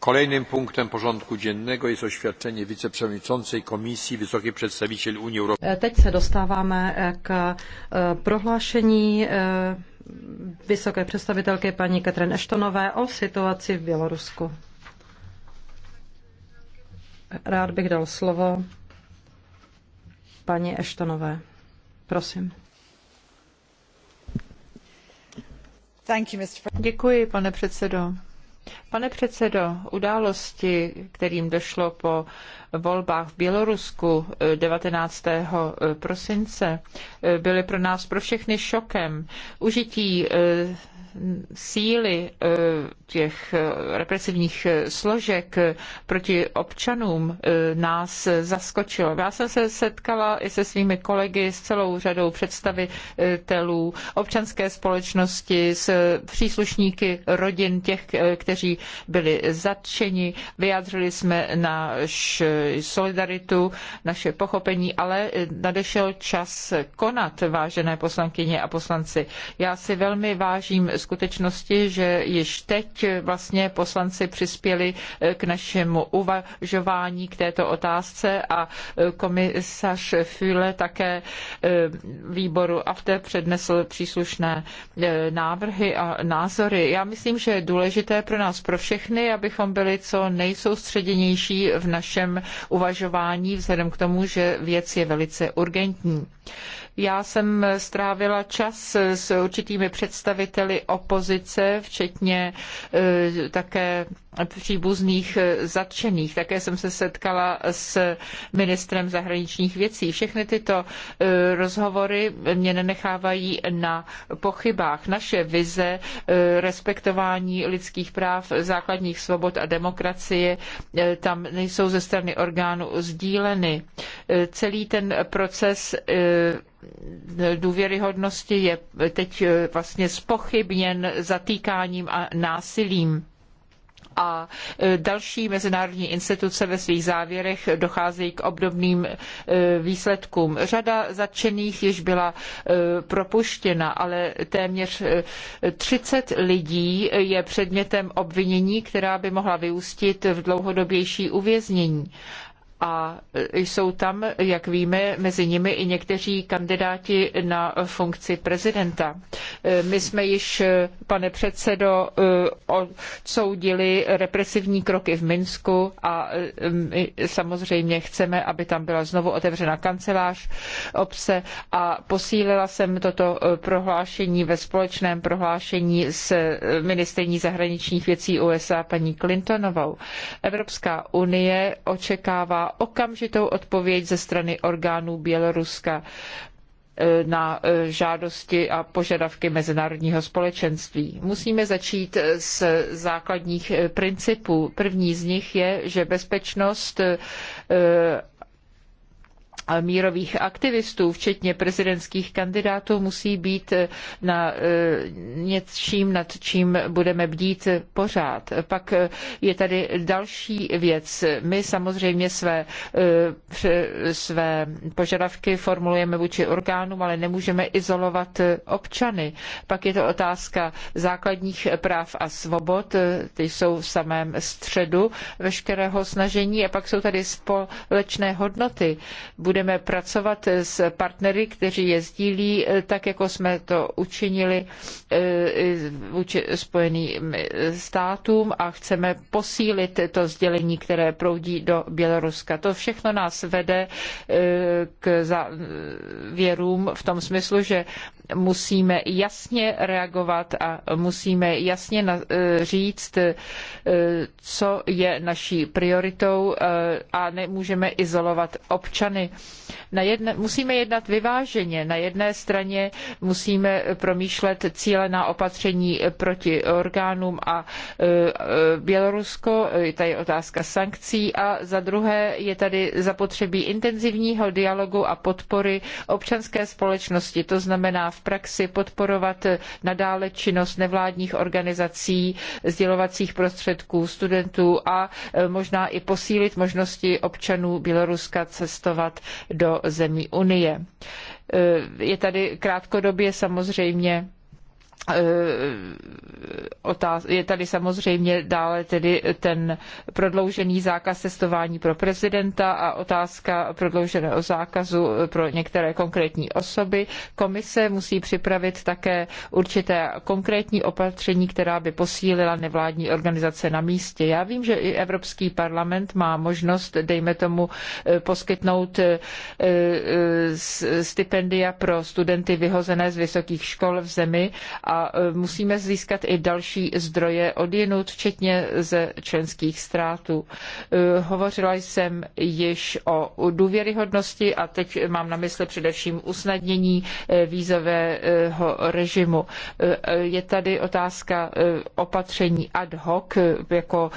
Kolejnym punktem porządku dziennego jest oświadczenie wiceprzewodniczącej Komisji Wysokiej Przedstawiciel Unii Europejskiej. E, teď se dostáváme e, k e, prohlášení vysoké představitelky paní Katrin Eštonové o situaci v Bělorusku. Rád bych dal slovo paní Eštonové. Prosím. Děkuji, pane předsedo. Pane předsedo, události, kterým došlo po volbách v Bělorusku 19. Eh, eh, prosince eh, byly pro nás pro všechny šokem. Užití síly těch represivních složek proti občanům nás zaskočilo. Já jsem se setkala i se svými kolegy s celou řadou představitelů občanské společnosti, s příslušníky rodin těch, kteří byli zatčeni. Vyjádřili jsme náš solidaritu, naše pochopení, ale nadešel čas konat, vážené poslankyně a poslanci. Já si velmi vážím skutečnosti, že již teď vlastně poslanci přispěli eh, k našemu uvažování k této otázce a eh, komisař Füle také eh, výboru AFTE přednesl příslušné návrhy a názory. Já myslím, že je důležité pro nás, pro všechny, abychom byli co nejsoustředěnější v našem uvažování vzhledem k tomu, že věc je velice urgentní. Já jsem strávila čas s určitými představiteli opozice, včetně e, také příbuzných e, zatčených. Také jsem se setkala s ministrem zahraničních věcí. Všechny tyto e, rozhovory mě nenechávají na pochybách. Naše vize respektování lidských práv, základních svobod a demokracie tam nejsou ze strany orgánů sdíleny. Celý ten proces Eh, důvěryhodnosti je teď eh, vlastně spochybněn zatýkáním a násilím a eh, další mezinárodní instituce ve svých závěrech docházejí k obdobným výsledkům. Řada zatčených již byla propuštěna, ale téměř 30 lidí je předmětem obvinění, která by mohla vyústit v dlouhodobější uvěznění a jsou tam, jak víme, mezi nimi i někteří kandidáti na funkci prezidenta. My jsme již, pane předsedo, eh, odsoudili represivní kroky v Minsku a eh, samozřejmě chceme, aby tam byla znovu otevřena kancelář obce a posílila jsem toto eh, prohlášení ve společném prohlášení s ministrní zahraničních věcí USA paní Clintonovou. Evropská unie očekává okamžitou odpověď ze strany orgánů Běloruska e, na e, žádosti a požadavky mezinárodního společenství. Musíme začít z základních e, principů. První z nich je, že bezpečnost mírových aktivistů, včetně prezidentských kandidátů, musí být eh, na eh, něčím, nad čím budeme bdít pořád. Pak eh, je tady další věc. My samozřejmě své, své požadavky formulujeme vůči orgánům, ale nemůžeme izolovat občany. Pak je to otázka základních práv a svobod, ty jsou v samém středu veškerého snažení a pak jsou tady společné hodnoty. Bude budeme pracovat s partnery, kteří je sdílí, eh, tak jako jsme to učinili vůči eh, Spojeným eh, státům a chceme posílit to sdělení, které proudí do Běloruska. To všechno nás vede k věrům v tom smyslu, že musíme jasně reagovat a musíme jasně eh, říct, eh, co je naší prioritou eh, a nemůžeme izolovat občany. Jedne, musíme jednat vyváženě. Na jedné straně musíme promýšlet cílená opatření proti orgánům a Bělorusko, je otázka sankcí a za druhé je tady zapotřebí intenzivního dialogu a podpory občanské společnosti, to znamená v v praxi podporovat nadále činnost nevládních organizací, sdělovacích prostředků, studentů a e, možná i posílit možnosti občanů Běloruska cestovat do zemí Unie. E, je tady krátkodobě samozřejmě Eh, je tady samozřejmě dále tedy ten prodloužený zákaz testování pro prezidenta a otázka prodlouženého zákazu pro některé konkrétní osoby. Komise musí připravit také určité konkrétní opatření, která by posílila nevládní organizace na místě. Já vím, že i Evropský parlament má možnost, dejme tomu, eh, poskytnout eh, stipendia pro studenty vyhozené z vysokých škol v zemi a E, musíme získat i další zdroje od jinut, včetně ze členských ztrátů. E, hovořila jsem již o důvěryhodnosti a teď mám na mysli především usnadnění e, vízového režimu. Je tady otázka opatření ad hoc, jako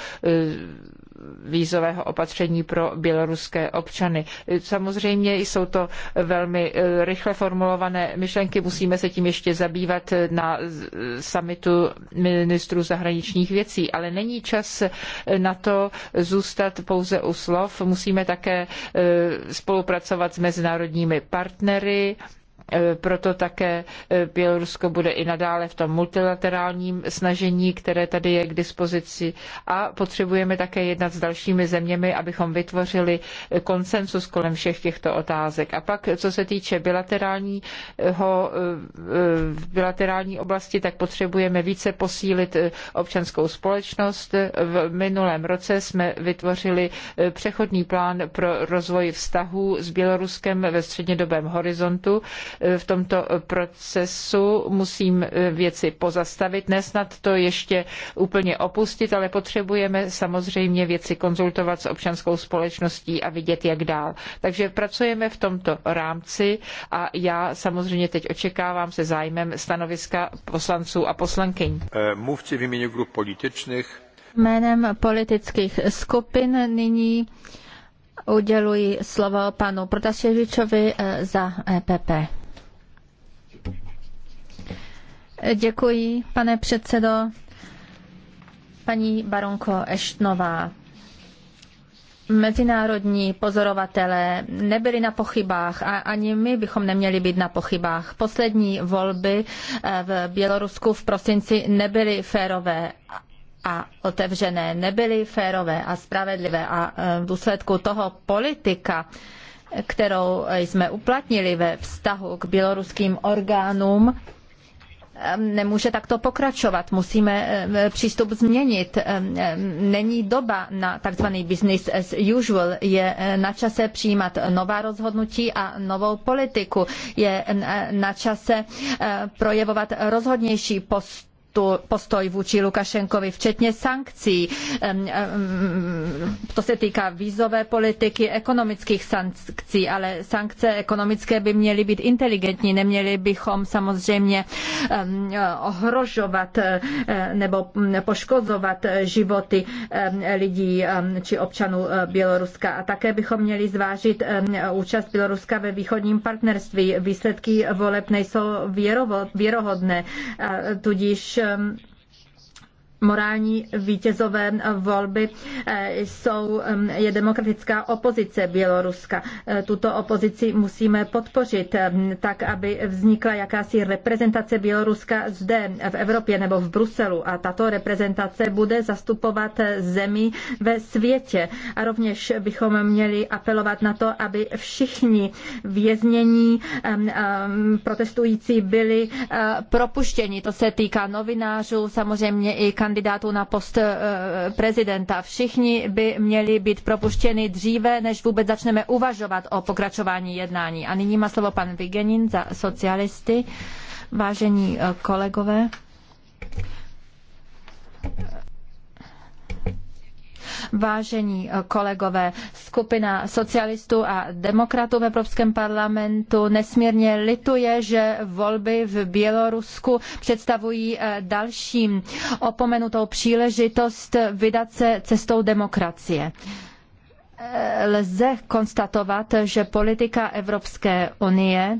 vízového opatření pro běloruské občany. Samozřejmě jsou to velmi eh, rychle formulované myšlenky, musíme se tím ještě zabývat na samitu ministrů zahraničních věcí, ale není čas eh, na to zůstat pouze u slov, musíme také eh, spolupracovat s mezinárodními partnery, E, proto také e, Bělorusko bude i nadále v tom multilaterálním snažení, které tady je k dispozici. A potřebujeme také jednat s dalšími zeměmi, abychom vytvořili e, konsensus kolem všech těchto otázek. A pak, co se týče bilaterálního, bilaterální oblasti, tak potřebujeme více posílit občanskou společnost. V minulém roce jsme vytvořili přechodný plán pro rozvoj vztahů s Běloruskem ve střednědobém horizontu v tomto procesu. Musím eh, věci pozastavit, nesnad to ještě úplně opustit, ale potřebujeme samozřejmě věci konzultovat s občanskou společností a vidět, jak dál. Takže pracujeme v tomto rámci a já samozřejmě teď očekávám se zájmem stanoviska poslanců a poslankyň. Eh, mluvci v jménu grup političních. Jménem politických skupin nyní uděluji slovo panu Protaševičovi eh, za EPP. Děkuji, pane předsedo. Paní baronko Eštnová, mezinárodní pozorovatelé nebyli na pochybách a ani my bychom neměli být na pochybách. Poslední volby eh, v Bělorusku v prosinci nebyly férové a otevřené, nebyly férové a spravedlivé a eh, v důsledku toho politika, kterou jsme uplatnili ve vztahu k běloruským orgánům, nemůže takto pokračovat. Musíme přístup změnit. Není doba na tzv. business as usual. Je e, na čase přijímat nová rozhodnutí a novou politiku. Je e, na čase e, projevovat rozhodnější postup tu postoj vůči Lukašenkovi, včetně sankcí. To se týká vízové politiky, ekonomických sankcí, ale sankce ekonomické by měly být inteligentní, neměli bychom samozřejmě ohrožovat eh, nebo poškozovat životy lidí či občanů eh, Běloruska. A také bychom měli zvážit účast Běloruska ve východním partnerství. Výsledky voleb nejsou věrohodné, tudíž um, morální vítězové volby eh, jsou, mm, je demokratická opozice Běloruska. Eh, tuto opozici musíme podpořit eh, tak, aby vznikla jakási reprezentace Běloruska zde v Evropě nebo v Bruselu a tato reprezentace bude zastupovat zemi ve světě. A rovněž bychom měli apelovat na to, aby všichni věznění protestující byli propuštěni. To se týká novinářů, samozřejmě i kandidátů na post eh, prezidenta. Všichni by měli být propuštěni dříve, než vůbec začneme uvažovat o pokračování jednání. A nyní má slovo pan Vigenin za socialisty. Vážení eh, kolegové, Vážení eh, kolegové, skupina socialistů a demokratů v Evropském parlamentu nesmírně lituje, že volby v Bělorusku představují eh, další opomenutou příležitost vydat se cestou demokracie eh, lze konstatovat, že politika Evropské unie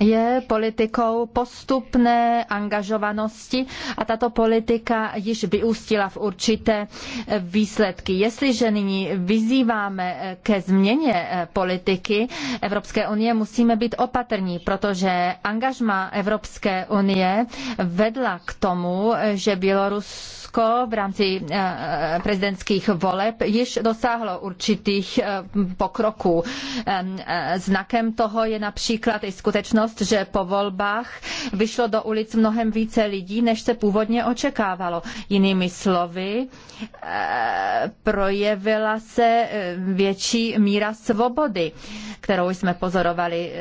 je politikou postupné angažovanosti a tato politika již vyústila v určité eh, výsledky. Jestliže nyní vyzýváme eh, ke změně eh, politiky Evropské unie, musíme být opatrní, protože angažma Evropské unie vedla k tomu, že Bělorusko Rusko v rámci eh, prezidentských voleb již dosáhlo určitých eh, pokroků. Eh, znakem toho je například i skutečnost, že po volbách vyšlo do ulic mnohem více lidí, než se původně očekávalo. Jinými slovy, projevila se větší míra svobody, kterou jsme pozorovali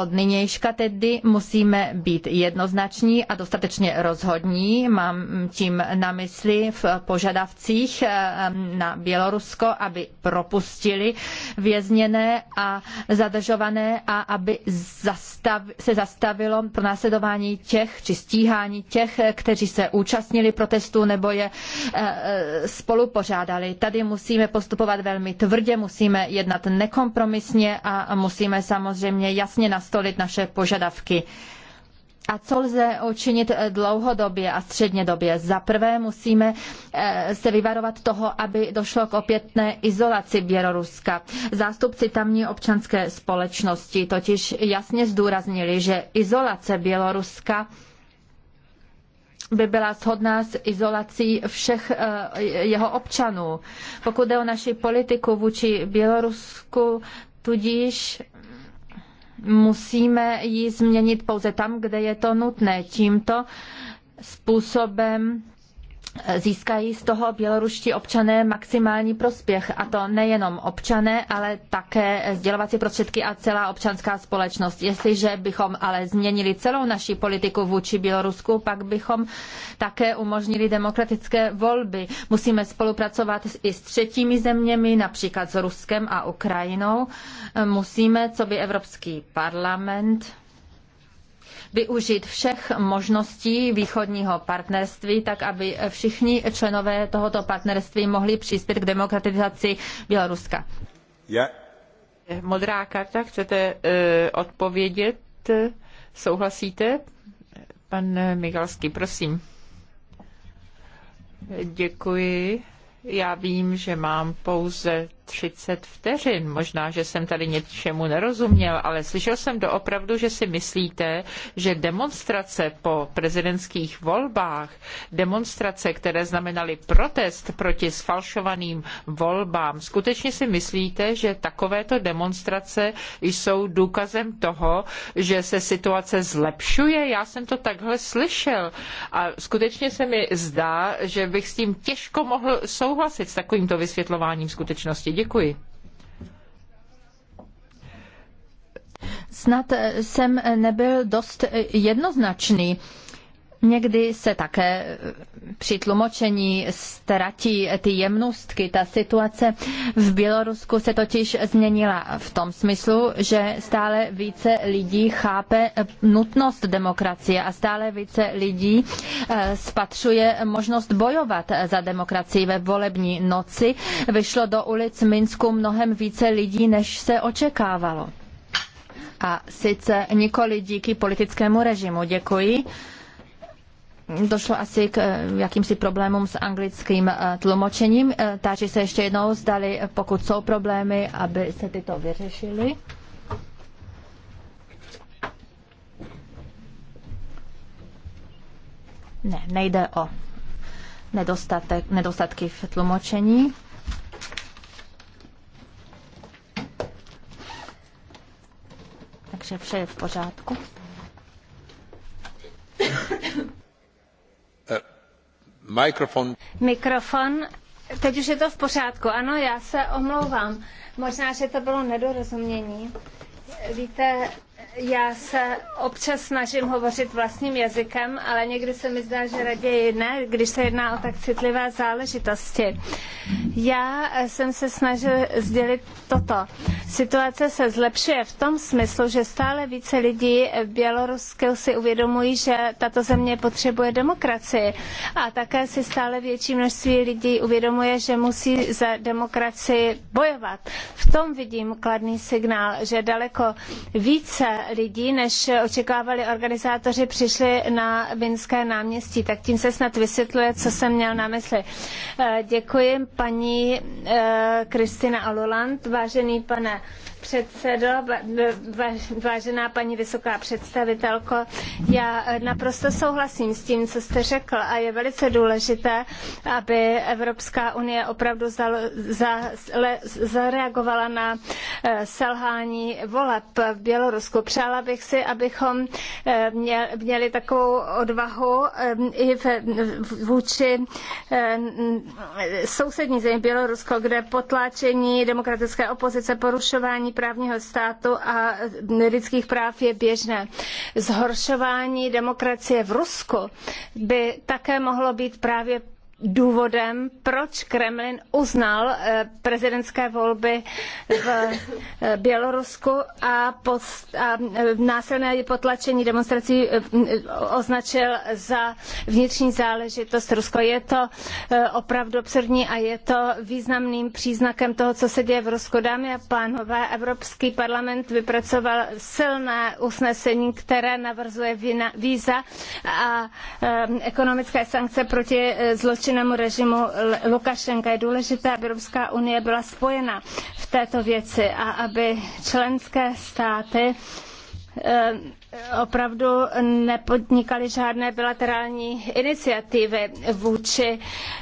od nynějška tedy musíme být jednoznační a dostatečně rozhodní. Mám tím na mysli v požadavcích eh, na Bělorusko, aby propustili vězněné a zadržované a aby zastav, se zastavilo pronásledování těch či stíhání těch, eh, kteří se účastnili protestů nebo je eh, spolupořádali. Tady musíme postupovat velmi tvrdě, musíme jednat nekompromisně a musíme samozřejmě jasně nastavit nastolit naše požadavky. A co lze učinit dlouhodobě a střednědobě? Za prvé musíme eh, se vyvarovat toho, aby došlo k opětné izolaci Běloruska. Zástupci tamní občanské společnosti totiž jasně zdůraznili, že izolace Běloruska by byla shodná s izolací všech eh, jeho občanů. Pokud jde o naši politiku vůči Bělorusku, tudíž musíme ji změnit pouze tam, kde je to nutné. Tímto způsobem získají z toho běloruští občané maximální prospěch. A to nejenom občané, ale také sdělovací prostředky a celá občanská společnost. Jestliže bychom ale změnili celou naši politiku vůči Bělorusku, pak bychom také umožnili demokratické volby. Musíme spolupracovat i s třetími zeměmi, například s Ruskem a Ukrajinou. Musíme, co by Evropský parlament, využít všech možností východního partnerství, tak aby všichni členové tohoto partnerství mohli přispět k demokratizaci Běloruska. Já. Modrá karta, chcete uh, odpovědět? Souhlasíte? Pan Migalský, prosím. Děkuji. Já vím, že mám pouze 30 vteřin. Možná, že jsem tady něčemu nerozuměl, ale slyšel jsem doopravdu, že si myslíte, že demonstrace po prezidentských volbách, demonstrace, které znamenaly protest proti sfalšovaným volbám, skutečně si myslíte, že takovéto demonstrace jsou důkazem toho, že se situace zlepšuje? Já jsem to takhle slyšel a skutečně se mi zdá, že bych s tím těžko mohl souhlasit s takovýmto vysvětlováním skutečnosti. Děkuji. Snad jsem nebyl dost jednoznačný. Někdy se také eh, při tlumočení ztratí ty jemnostky. Ta situace v Bělorusku se totiž změnila v tom smyslu, že stále více lidí chápe eh, nutnost demokracie a stále více lidí eh, spatřuje možnost bojovat za demokracii ve volební noci. Vyšlo do ulic Minsku mnohem více lidí, než se očekávalo. A sice nikoli díky politickému režimu. Děkuji došlo asi k eh, jakýmsi problémům s anglickým eh, tlumočením. Eh, Táži se ještě jednou, zdali pokud jsou problémy, aby se tyto vyřešily. Ne, nejde o nedostatek, nedostatky v tlumočení. Takže vše je v pořádku. Mikrofon. Mikrofon. Teď už je to v pořádku. Ano, já se omlouvám. Možná, že to bylo nedorozumění. Víte, já se občas snažím hovořit vlastním jazykem, ale někdy se mi zdá, že raději ne, když se jedná o tak citlivé záležitosti. Já jsem se snažil sdělit toto. Situace se zlepšuje v tom smyslu, že stále více lidí v Bělorusku si uvědomují, že tato země potřebuje demokracii a také si stále větší množství lidí uvědomuje, že musí za demokracii bojovat. V tom vidím kladný signál, že daleko více lidí, než očekávali organizátoři, přišli na Vinské náměstí. Tak tím se snad vysvětluje, co jsem měl na mysli. Eh, děkuji paní eh, Kristina Aluland, vážený pane předsedo, vážená paní vysoká představitelko, já eh, naprosto souhlasím s tím, co jste řekl a je velice důležité, aby Evropská unie opravdu zareagovala na eh, selhání voleb v Bělorusku. Přála bych si, abychom eh, měli takovou odvahu i vůči sousední zemi Bělorusko, kde potláčení demokratické opozice, porušování porušování právního státu a lidských práv je běžné. Zhoršování demokracie v Rusku by také mohlo být právě důvodem, proč Kremlin uznal eh, prezidentské volby v eh, Bělorusku a, post, a eh, násilné potlačení demonstrací označil za vnitřní záležitost Rusko. Je to opravdu absurdní a je to významným příznakem toho, co se děje v Rusku. Dámy a pánové, Evropský parlament vypracoval silné usnesení, které navrzuje víza a ekonomické sankce proti zločinům zločinnému režimu Lukašenka. Je důležité, aby Evropská unie byla spojena v této věci a aby členské státy eh, opravdu nepodnikaly žádné bilaterální iniciativy vůči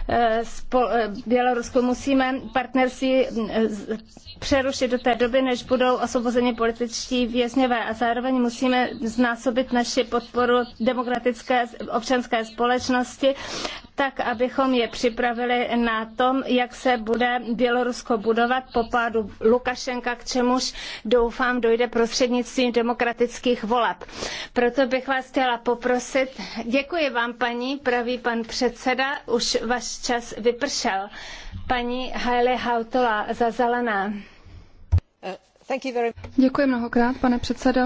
eh, eh, Bělorusku. Musíme partnerství eh, přerušit do té doby, než budou osvobozeni političtí vězněvé a zároveň musíme znásobit naši podporu demokratické občanské společnosti, tak abychom je připravili na tom, jak se bude Bělorusko budovat po pádu Lukašenka, k čemuž doufám dojde prostřednictvím demokratických voleb dělat. Proto bych vás chtěla poprosit, děkuji vám paní, praví pan předseda, už váš čas vypršel. Paní Haile Hautola za zelená. Děkuji mnohokrát, pane předsedo.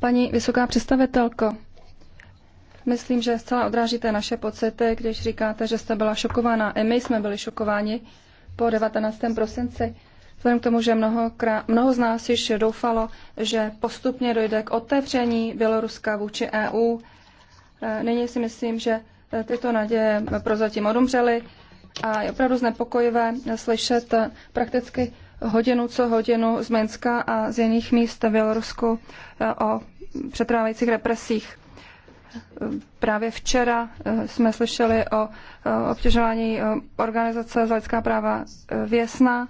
Paní vysoká představitelko, myslím, že zcela odrážíte naše pocity, když říkáte, že jste byla šokována. I my jsme byli šokováni po 19. prosinci. Vzhledem k tomu, že mnohokrát, mnoho z nás již doufalo, že postupně dojde k otevření Běloruska vůči EU, eh, nyní si myslím, že eh, tyto naděje prozatím odumřely a je opravdu znepokojivé slyšet eh, prakticky hodinu co hodinu z Minska a z jiných míst v Bělorusku o přetrvávajících represích. Právě včera jsme slyšeli o obtěžování organizace za lidská práva Věsna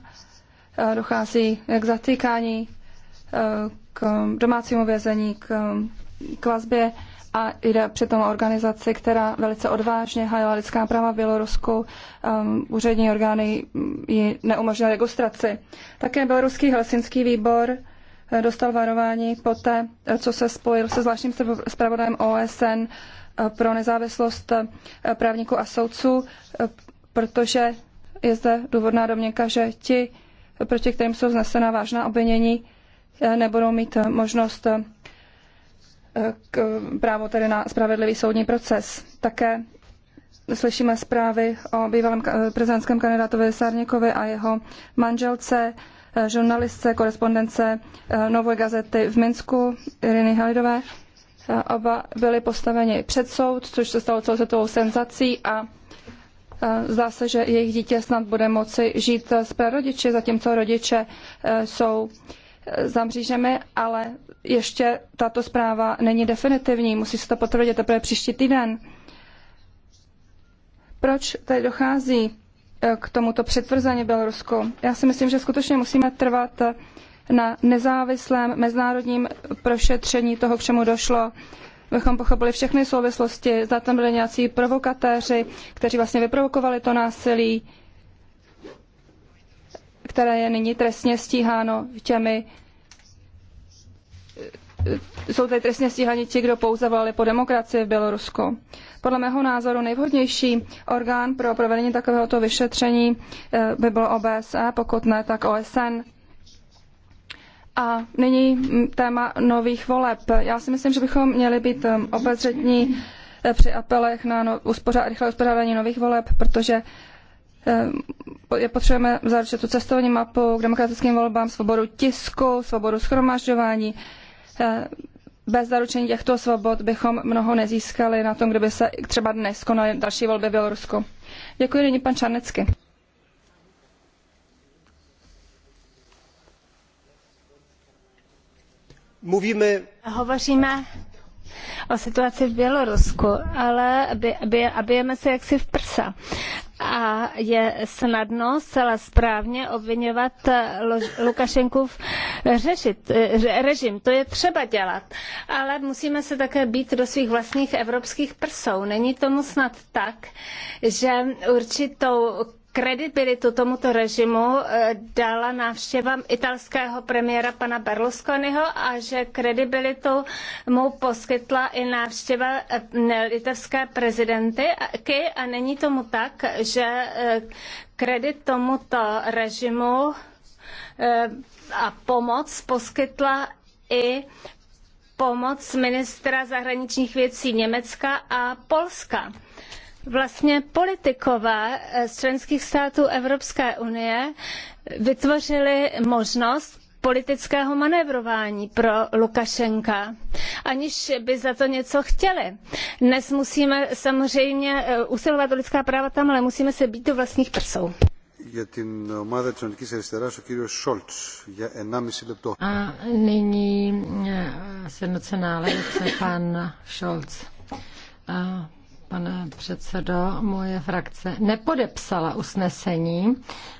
Eh, dochází k zatýkání, eh, k domácímu vězení, k, k vazbě a jde přitom o organizaci, která velice odvážně hájila lidská práva v Bělorusku. Um, úřední orgány ji neumožnily registraci. Také Běloruský helsinský výbor eh, dostal varování poté, co se spojil se zvláštním zpravodajem OSN pro nezávislost právníků a soudců, protože je zde důvodná domněnka, že ti proti kterým jsou vznesena vážná obvinění, eh, nebudou mít eh, možnost eh, k právo tedy na spravedlivý soudní proces. Také slyšíme zprávy o bývalém prezidentském kandidátovi Sárníkovi a jeho manželce, žurnalistce, korespondence Nové gazety v Minsku, Iriny Halidové. Oba byli postaveni před soud, což se stalo celosvětovou senzací a Zdá se, že jejich dítě snad bude moci žít s prarodiči, zatímco rodiče e, jsou e, za mřížemi, ale ještě tato zpráva není definitivní, musí se to potvrdit teprve příští týden. Proč tady dochází e, k tomuto přetvrzení Bělorusku? Já si myslím, že skutečně musíme trvat na nezávislém mezinárodním prošetření toho, k čemu došlo abychom pochopili všechny souvislosti, zda tam byli nějací provokatéři, kteří vlastně vyprovokovali to násilí, které je nyní trestně stíháno těmi, jsou tady trestně stíhaní ti, kdo pouze volali po demokracii v Bělorusku. Podle mého názoru nejvhodnější orgán pro provedení takovéhoto vyšetření eh, by byl OBSE, pokud ne, tak OSN. A nyní téma nových voleb. Já si myslím, že bychom měli být um, obezřetní eh, při apelech na no, rychlé uspořádání nových voleb, protože eh, je potřebujeme zaručit tu cestovní mapu k demokratickým volbám, svobodu tisku, svobodu schromažďování. Eh, bez zaručení těchto svobod bychom mnoho nezískali na tom, kdyby se třeba dnes konaly další volby v Bělorusku. Děkuji nyní pan Čarnecky. Mluvíme... Hovoříme o situaci v Bělorusku, ale bijeme se jaksi v prsa. A je snadno zcela správně obvinovat Lukašenkův řešit, eh, režim. To je třeba dělat. Ale musíme se také být do svých vlastních evropských prsou. Není tomu snad tak, že určitou kredibilitu tomuto režimu eh, dala návštěva italského premiéra pana Berlusconiho a že kredibilitu mu poskytla i návštěva eh, litevské prezidentky a není tomu tak, že eh, kredit tomuto režimu a pomoc poskytla i pomoc ministra zahraničních věcí Německa a Polska vlastně politikové eh, z členských států Evropské unie vytvořili možnost politického manévrování pro Lukašenka, aniž by za to něco chtěli. Dnes musíme samozřejmě eh, usilovat o lidská práva tam, ale musíme se být do vlastních prsou. A nyní jsem nucená, pan Scholz. Pane předsedo, moje frakce nepodepsala usnesení,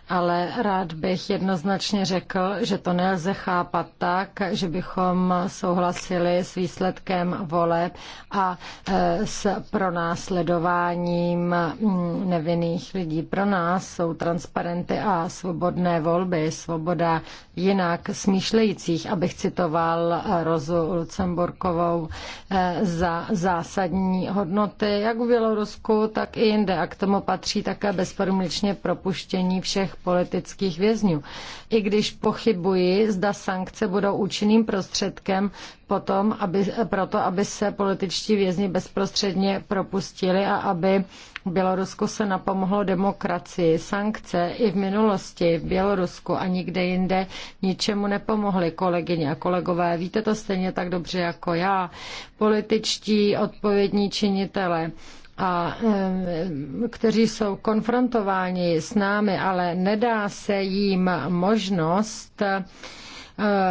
ale rád bych jednoznačně řekl, že to nelze chápat tak, že bychom souhlasili s výsledkem voleb a e, s pronásledováním mm, nevinných lidí. Pro nás jsou transparenty a svobodné volby, svoboda jinak smýšlejících, abych citoval Rozu Lucemburkovou e, za zásadní hodnoty, jak v Bělorusku, tak i jinde. A k tomu patří také bezpodmínečně propuštění všech politických vězňů. I když pochybuji, zda sankce budou účinným prostředkem potom, aby, proto, aby se političtí vězni bezprostředně propustili a aby Bělorusko se napomohlo demokracii. Sankce i v minulosti v Bělorusku a nikde jinde ničemu nepomohly, kolegyně a kolegové. Víte to stejně tak dobře jako já. Političtí odpovědní činitele a kteří jsou konfrontováni s námi, ale nedá se jim možnost eh,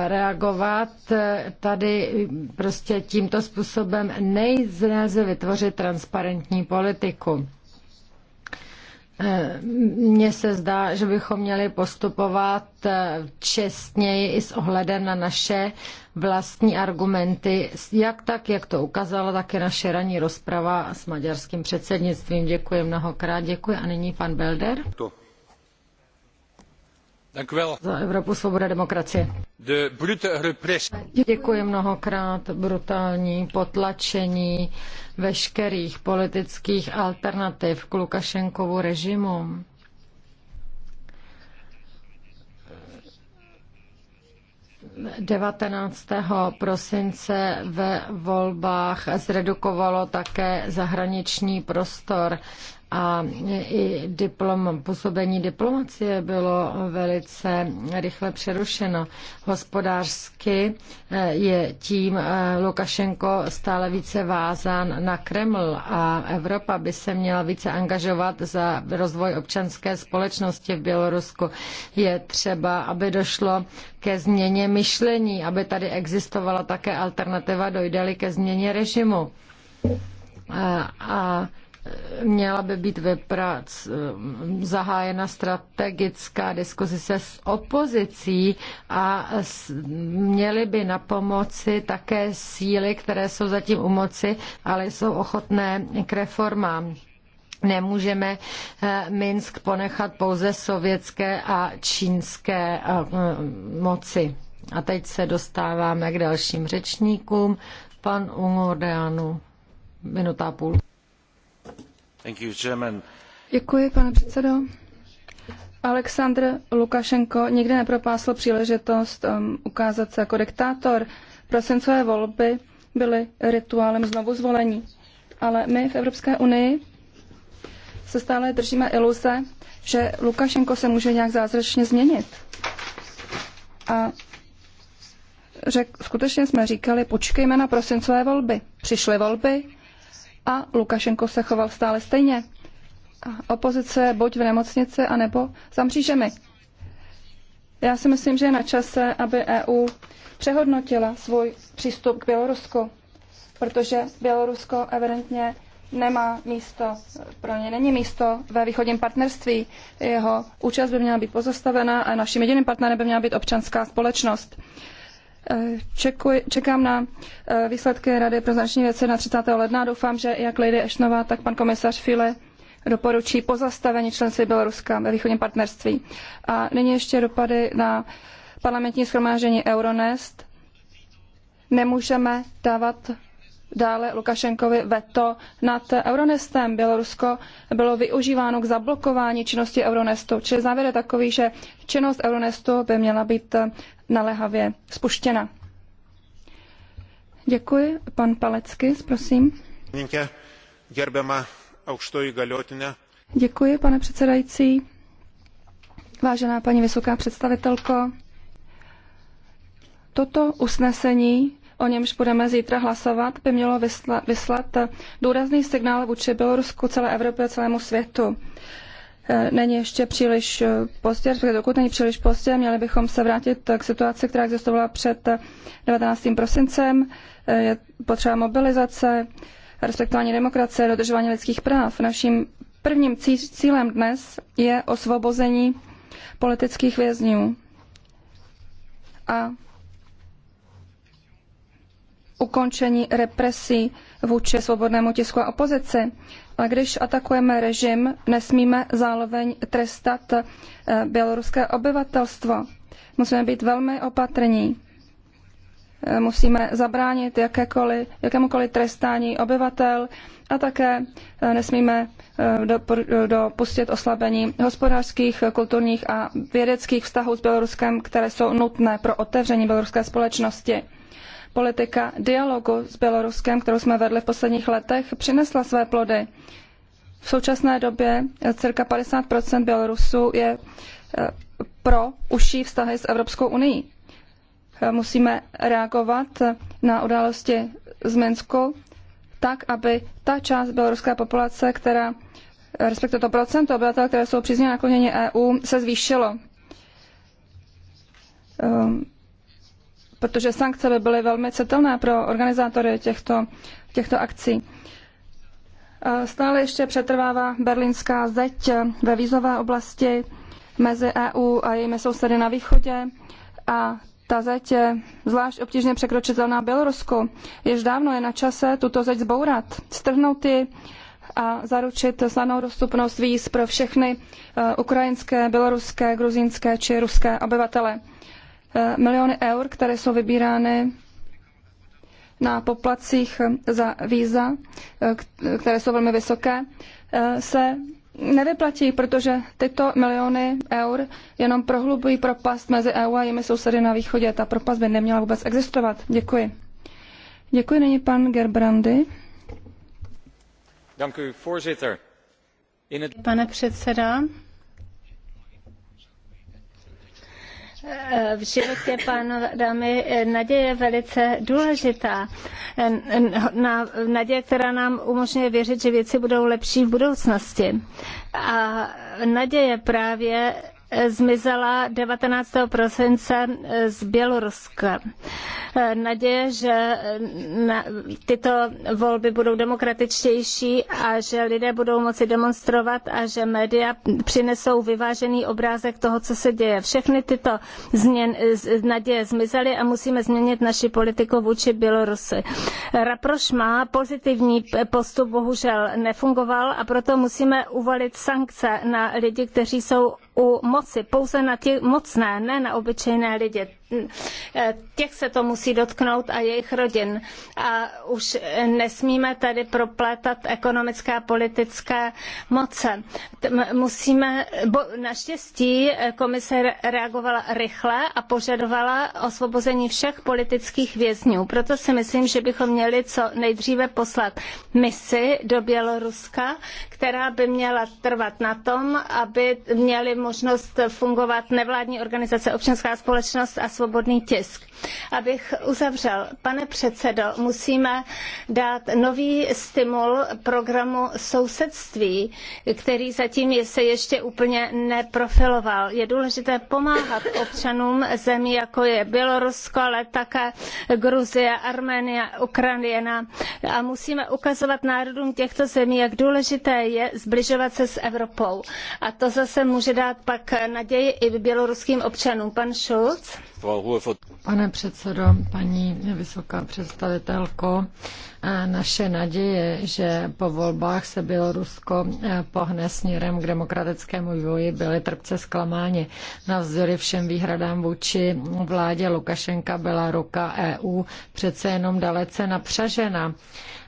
reagovat eh, tady prostě tímto způsobem nejzráze vytvořit transparentní politiku. Mně se zdá, že bychom měli postupovat eh, čestněji i s ohledem na naše vlastní argumenty, jak tak, jak to ukázala také naše ranní rozprava s maďarským předsednictvím. Děkuji mnohokrát, děkuji. A nyní pan Belder. To. Za Evropu svoboda demokracie. Děkuji mnohokrát brutální potlačení veškerých politických alternativ k Lukašenkovu režimu. Devatenáctého prosince ve volbách zredukovalo také zahraniční prostor a i diplom, působení diplomacie bylo velice rychle přerušeno. Hospodářsky eh, je tím eh, Lukašenko stále více vázán na Kreml a Evropa by se měla více angažovat za rozvoj občanské společnosti v Bělorusku. Je třeba, aby došlo ke změně myšlení, aby tady existovala také alternativa, dojde-li ke změně režimu. Eh, a, a měla by být ve prac eh, zahájena strategická diskuze se s opozicí a měly by na pomoci také síly, které jsou zatím u moci, ale jsou ochotné k reformám. Nemůžeme eh, Minsk ponechat pouze sovětské a čínské eh, moci. A teď se dostáváme k dalším řečníkům. Pan Ungordeanu, minuta a půl. Děkuji, pane předsedající. Aleksandr Lukašenko nikdy nepropásl příležitost um, ukázat se jako diktátor. Prosincové volby byly rituálem znovuzvolení Ale my v Evropské unii se stále držíme iluze, že Lukašenko se může nějak zázračně změnit. A řek, skutečně jsme říkali, počkejme na prosincové volby. Přišly volby, a Lukašenko se choval stále stejně. Opozice buď v nemocnici, anebo za mřížemi. Já si myslím, že je na čase, aby EU přehodnotila svůj přístup k Bělorusku, protože Bělorusko evidentně nemá místo, pro ně není místo ve východním partnerství. Jeho účast by měla být pozastavena a naším jediným partnerem by měla být občanská společnost čekám na eh, výsledky Rady pro zahraniční věci na 30. ledna. Doufám, že jak Lady Ashnová, tak pan komisař File doporučí pozastavení členství Běloruska ve východním partnerství. A nyní ještě dopady na parlamentní schromáždění Euronest. Nemůžeme dávat dále Lukašenkovi veto nad Euronestem. Bělorusko bylo využíváno k zablokování činnosti Euronestu. Čili závěr je takový, že činnost Euronestu by měla být naléhavě spuštěna. Děkuji. Pan Palecky, prosím. Děkuji, pane předsedající. Vážená paní vysoká představitelko, toto usnesení, o němž budeme zítra hlasovat, by mělo vyslat, vyslat důrazný signál vůči Bělorusku, celé Evropě a celému světu. Eh, není ještě příliš eh, pozdě, dokud není příliš pozdě, měli bychom se vrátit eh, k situaci, která existovala před 19. prosincem. Je potřeba mobilizace, respektování demokracie, dodržování lidských práv. Naším prvním cílem dnes je osvobození politických vězňů a ukončení represí vůči svobodnému tisku a opozici. A když atakujeme režim, nesmíme zároveň trestat eh, běloruské obyvatelstvo. Musíme být velmi opatrní. Eh, musíme zabránit jakékoliv, jakémukoliv trestání obyvatel a také eh, nesmíme dopustit oslabení hospodářských, kulturních a vědeckých vztahů s Běloruskem, které jsou nutné pro otevření běloruské společnosti politika dialogu s Běloruskem, kterou jsme vedli v posledních letech, přinesla své plody. V současné době cirka 50 Bělorusů je eh, pro užší vztahy s Evropskou unii. Eh, musíme reagovat na události z Minsku tak, aby ta část běloruské populace, která eh, respektive to procento obyvatel, které jsou přízně nakloněni EU, se zvýšilo. Um, protože sankce by byly velmi citelné pro organizátory těchto, těchto akcí. Stále ještě přetrvává berlínská zeď ve vízové oblasti mezi EU a jejími sousedy na východě a ta zeď je zvlášť obtížně překročitelná Bělorusku. Jež dávno je na čase tuto zeď zbourat, strhnout ji a zaručit snadnou dostupnost víz pro všechny eh, ukrajinské, běloruské, gruzínské či ruské obyvatele. Eh, miliony eur, které jsou vybírány na poplacích za víza, eh, které jsou velmi vysoké, eh, se nevyplatí, protože tyto miliony eur jenom prohlubují propast mezi EU a jimi sousedy na východě. Ta propast by neměla vůbec existovat. Děkuji. Děkuji nyní pan Gerbrandy. Pane předseda, v životě, pán, dámy, naděje je velice důležitá. Naděje, která nám umožňuje věřit, že věci budou lepší v budoucnosti. A naděje právě zmizela 19. prosince z Běloruska. Naděje, že tyto volby budou demokratičtější a že lidé budou moci demonstrovat a že média přinesou vyvážený obrázek toho, co se děje. Všechny tyto změn, naděje zmizely a musíme změnit naši politiku vůči Bělorusy. Raproš má pozitivní postup, bohužel nefungoval a proto musíme uvalit sankce na lidi, kteří jsou u moci pouze na ty mocné, ne na obyčejné lidi těch se to musí dotknout a jejich rodin. A už nesmíme tady proplétat ekonomické a politické moce. Musíme, bo naštěstí komise reagovala rychle a požadovala osvobození všech politických vězňů. Proto si myslím, že bychom měli co nejdříve poslat misi do Běloruska, která by měla trvat na tom, aby měly možnost fungovat nevládní organizace, občanská společnost a svobodná svobodný tisk. Abych uzavřel, pane předsedo, musíme dát nový stimul programu sousedství, který zatím se ještě úplně neprofiloval. Je důležité pomáhat občanům zemí, jako je Bělorusko, ale také Gruzie, Arménie, Ukrajina. A musíme ukazovat národům těchto zemí, jak důležité je zbližovat se s Evropou. A to zase může dát pak naději i běloruským občanům. Pan Schulz. Pane předsedo, paní vysoká představitelko, eh, naše naděje, že po volbách se Bělorusko eh, pohne směrem k demokratickému vývoji, byly trpce zklamáni. Navzdory všem výhradám vůči vládě Lukašenka byla ruka EU přece jenom dalece napřažena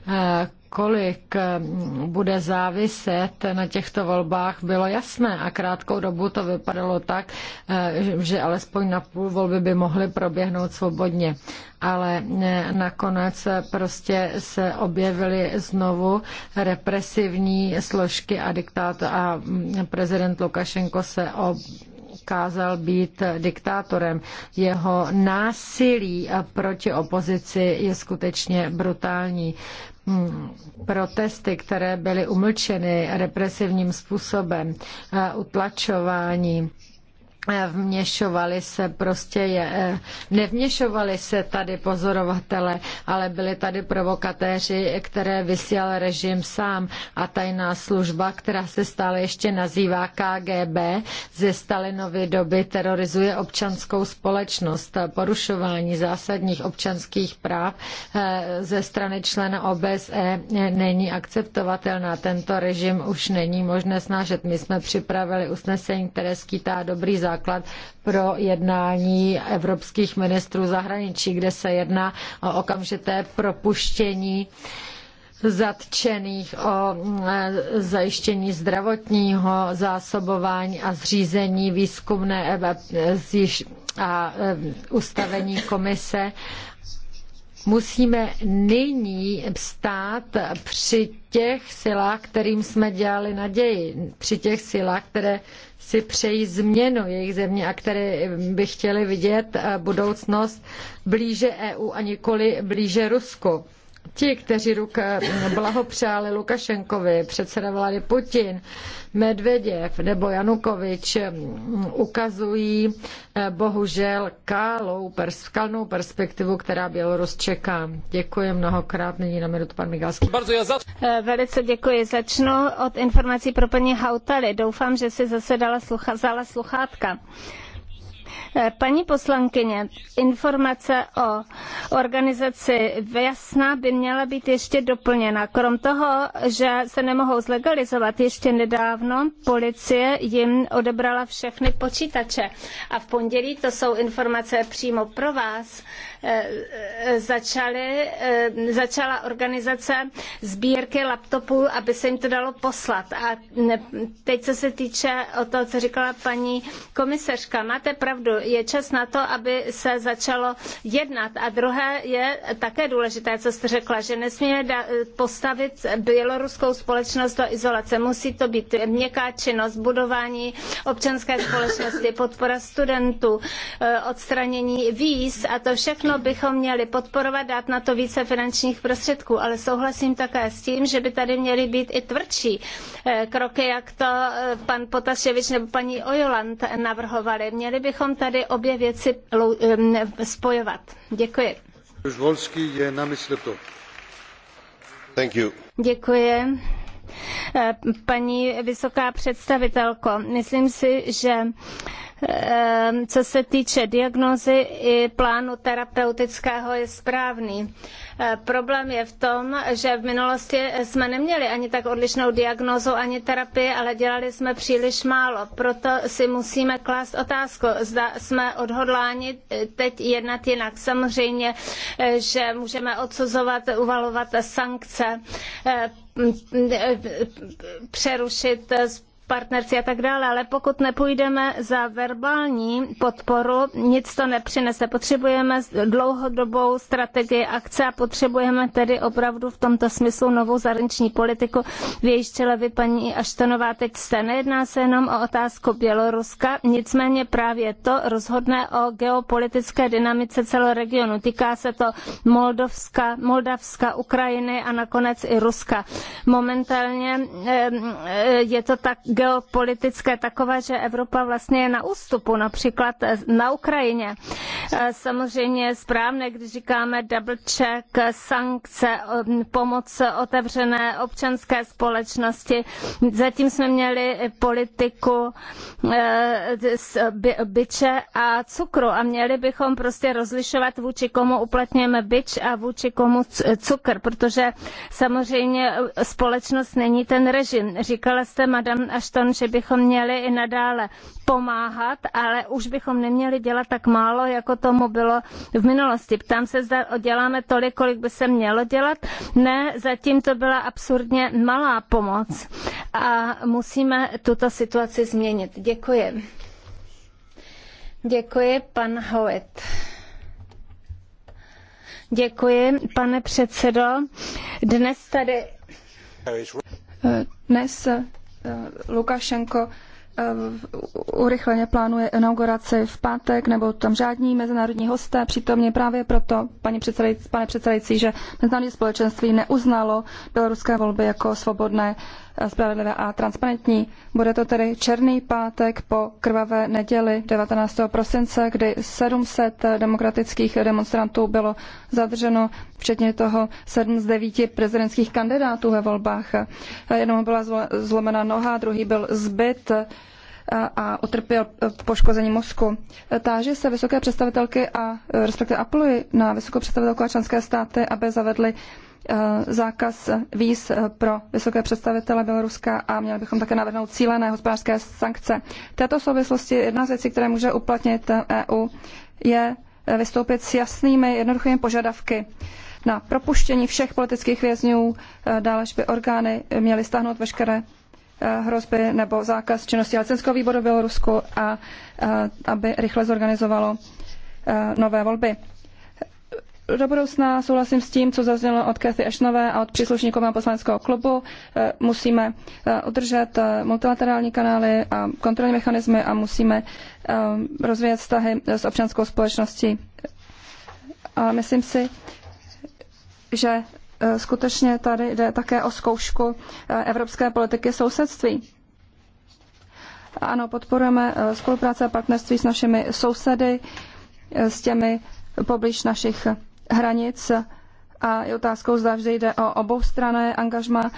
eh, kolik eh, bude záviset na těchto volbách, bylo jasné a krátkou dobu to vypadalo tak, eh, že alespoň na půl volby by mohly proběhnout svobodně. Ale eh, nakonec prostě se objevily znovu represivní složky a diktát a mm, prezident Lukašenko se o kázal být diktátorem. Jeho násilí proti opozici je skutečně brutální. Hmm, protesty, které byly umlčeny represivním způsobem, utlačování, Eh, vměšovali se prostě je, eh, nevměšovali se tady pozorovatele, ale byli tady provokatéři, které vysílal režim sám a tajná služba, která se stále ještě nazývá KGB, ze Stalinovy doby terorizuje občanskou společnost. Porušování zásadních občanských práv eh, ze strany člena OBSE není akceptovatelná. Tento režim už není možné snášet. My jsme připravili usnesení, které skýtá dobrý zákon základ pro jednání evropských ministrů zahraničí, kde se jedná o okamžité propuštění zatčených o e, zajištění zdravotního zásobování a zřízení výzkumné e, e, a ustavení komise musíme nyní stát při těch silách, kterým jsme dělali naději, při těch silách, které si přejí změnu jejich země a které by chtěly vidět eh, budoucnost blíže EU a nikoli blíže Rusku ti, kteří ruka, blahopřáli Lukašenkovi, předseda vlády Putin, Medveděv nebo Janukovič, ukazují eh, bohužel kálou, pers, kalnou perspektivu, která Bělorus čeká. Děkuji mnohokrát. Nyní na minutu pan Migalský. Eh, velice děkuji. Začnu od informací pro paní Hautaly. Doufám, že si zase dala slucha, vzala sluchátka. Eh, paní poslankyně, informace o organizaci Jasná by měla být ještě doplněna. Krom toho, že se nemohou zlegalizovat, ještě nedávno policie jim odebrala všechny počítače. A v pondělí, to jsou informace přímo pro vás, začaly, eh, začala organizace sbírky laptopů, aby se jim to dalo poslat. A teď, co se týče o toho, co říkala paní komisařka, máte pravdu, je čas na to, aby se začalo jednat. A druhé je také důležité, co jste řekla, že nesmíme postavit běloruskou společnost do izolace. Musí to být měkká činnost, budování občanské společnosti, podpora studentů, eh, odstranění víz a to všechno bychom měli podporovat, dát na to více finančních prostředků, ale souhlasím také s tím, že by tady měly být i tvrdší eh, kroky, jak to eh, pan Potaševič nebo paní Ojoland navrhovali. Měli bychom tady obě věci spojovat. Děkuji. Žvolský je na mysli to. Thank you. Děkuji. Eh, paní vysoká představitelko, myslím si, že co se týče diagnózy i plánu terapeutického je správný. Problém je v tom, že v minulosti jsme neměli ani tak odlišnou diagnózu, ani terapii, ale dělali jsme příliš málo. Proto si musíme klást otázku, zda jsme odhodláni teď jednat jinak. Samozřejmě, že můžeme odsuzovat, uvalovat sankce, přerušit partnerství a tak dále, ale pokud nepůjdeme za verbální podporu, nic to nepřinese. Potřebujeme dlouhodobou strategii akce a potřebujeme tedy opravdu v tomto smyslu novou zahraniční politiku. V jejíž čele vy, paní Aštonová, teď jste. Nejedná se jenom o otázku Běloruska, nicméně právě to rozhodne o geopolitické dynamice celého regionu. Týká se to Moldovska, Moldavska, Ukrajiny a nakonec i Ruska. Momentálně eh, eh, je to tak geopolitické takové, že Evropa vlastně je na ústupu, například na Ukrajině. E, samozřejmě je správné, když říkáme double check, sankce, pomoc otevřené občanské společnosti. Zatím jsme měli politiku e, byče a cukru a měli bychom prostě rozlišovat, vůči komu uplatňujeme byč a vůči komu cukr, protože samozřejmě společnost není ten režim. Říkala jste, madam, až Ashton, že bychom měli i nadále pomáhat, ale už bychom neměli dělat tak málo, jako tomu bylo v minulosti. Ptám se, zda děláme tolik, kolik by se mělo dělat. Ne, zatím to byla absurdně malá pomoc a musíme tuto situaci změnit. Děkuji. Děkuji, pan Howitt. Děkuji, pane předsedo. Dnes tady... Dnes Eh, Lukašenko eh, urychleně plánuje inauguraci v pátek, nebo tam žádní mezinárodní hosté přítomně právě proto, paní předsedající, pane předsedající, že mezinárodní společenství neuznalo běloruské volby jako svobodné spravedlivé a transparentní. Bude to tedy černý pátek po krvavé neděli 19. prosince, kdy 700 demokratických demonstrantů bylo zadrženo, včetně toho 7 z 9 prezidentských kandidátů ve volbách. Jednomu byla zlomena noha, druhý byl zbyt a utrpěl poškození mozku. Táži se vysoké představitelky a respektive apeluji na vysokou představitelku a členské státy, aby zavedly Eh, zákaz víz eh, pro vysoké představitele Běloruska a měli bychom také navrhnout cílené hospodářské sankce. V této souvislosti jedna z věcí, které může uplatnit EU, eh, e je vystoupit s jasnými, jednoduchými požadavky na propuštění všech politických vězňů, že by orgány měly stáhnout veškeré hrozby nebo zákaz činnosti Jelcenského výboru v Bělorusku a aby rychle zorganizovalo nové volby do budoucna souhlasím s tím, co zaznělo od Kathy Ashnové a od příslušníků mého poslaneckého klubu. Eh, musíme eh, udržet eh, multilaterální kanály a kontrolní mechanismy a musíme rozvíjet vztahy s občanskou společností. Ale myslím si, že skutečně tady jde také o zkoušku evropské politiky sousedství. Ano, podporujeme spolupráce a partnerství s našimi sousedy, s těmi poblíž našich hranic a je otázkou, zda vždy jde o oboustrané angažma.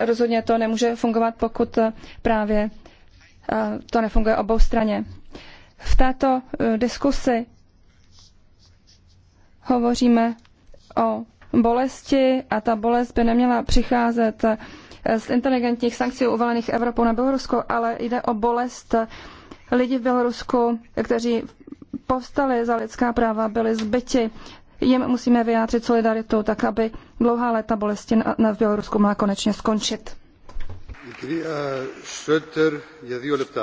Rozhodně to nemůže fungovat, pokud právě to nefunguje oboustranně. V této e, diskusi hovoříme o bolesti a ta bolest by neměla přicházet e, z inteligentních sankcí uvalených Evropou na Bělorusko, ale jde o bolest lidí v Bělorusku, kteří povstali za lidská práva, byli zbyti. Jim musíme vyjádřit solidaritu, tak aby dlouhá léta bolesti na, na v Bělorusku mohla konečně skončit.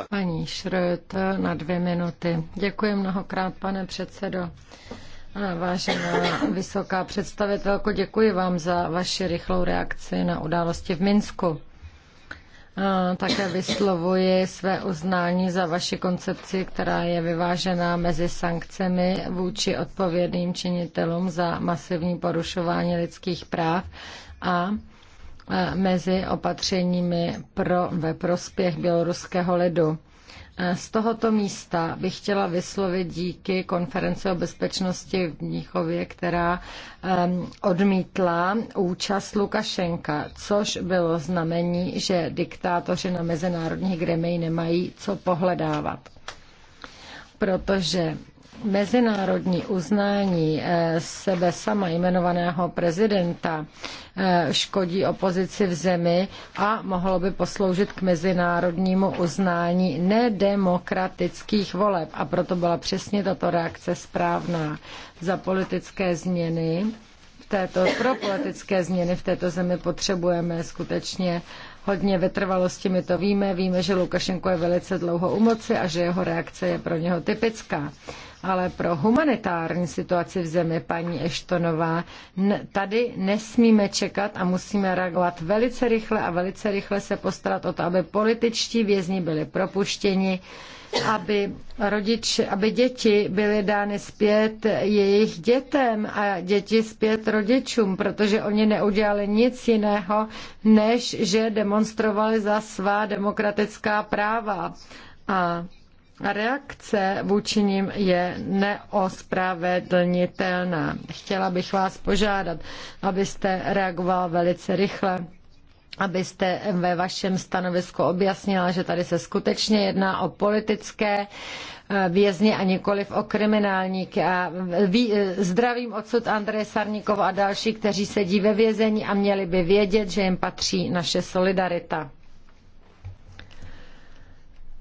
Paní Schröter na dvě minuty. Děkuji mnohokrát, pane předsedo. Vážená vysoká představitelko, děkuji vám za vaši rychlou reakci na události v Minsku. Také vyslovuji své uznání za vaši koncepci, která je vyvážená mezi sankcemi vůči odpovědným činitelům za masivní porušování lidských práv a mezi opatřeními pro, ve prospěch běloruského lidu. Z tohoto místa bych chtěla vyslovit díky konferenci o bezpečnosti v Mnichově, která odmítla účast Lukašenka, což bylo znamení, že diktátoři na mezinárodních gremii nemají co pohledávat protože mezinárodní uznání eh, sebe sama jmenovaného prezidenta eh, škodí opozici v zemi a mohlo by posloužit k mezinárodnímu uznání nedemokratických voleb. A proto byla přesně tato reakce správná za politické změny. V této, pro politické změny v této zemi potřebujeme skutečně hodně vytrvalosti, my to víme. Víme, že Lukašenko je velice dlouho u moci a že jeho reakce je pro něho typická ale pro humanitární situaci v zemi, paní Eštonová, tady nesmíme čekat a musíme reagovat velice rychle a velice rychle se postarat o to, aby političtí vězni byli propuštěni, aby, rodič, aby děti byly dány zpět jejich dětem a děti zpět rodičům, protože oni neudělali nic jiného, než že demonstrovali za svá demokratická práva. A Reakce vůči nim je neospravedlnitelná. Chtěla bych vás požádat, abyste reagoval velice rychle abyste ve vašem stanovisku objasnila, že tady se skutečně jedná o politické eh, vězni a nikoliv o kriminálníky. A ví, eh, zdravím odsud Andreje Sarníkova a další, kteří sedí ve vězení a měli by vědět, že jim patří naše solidarita.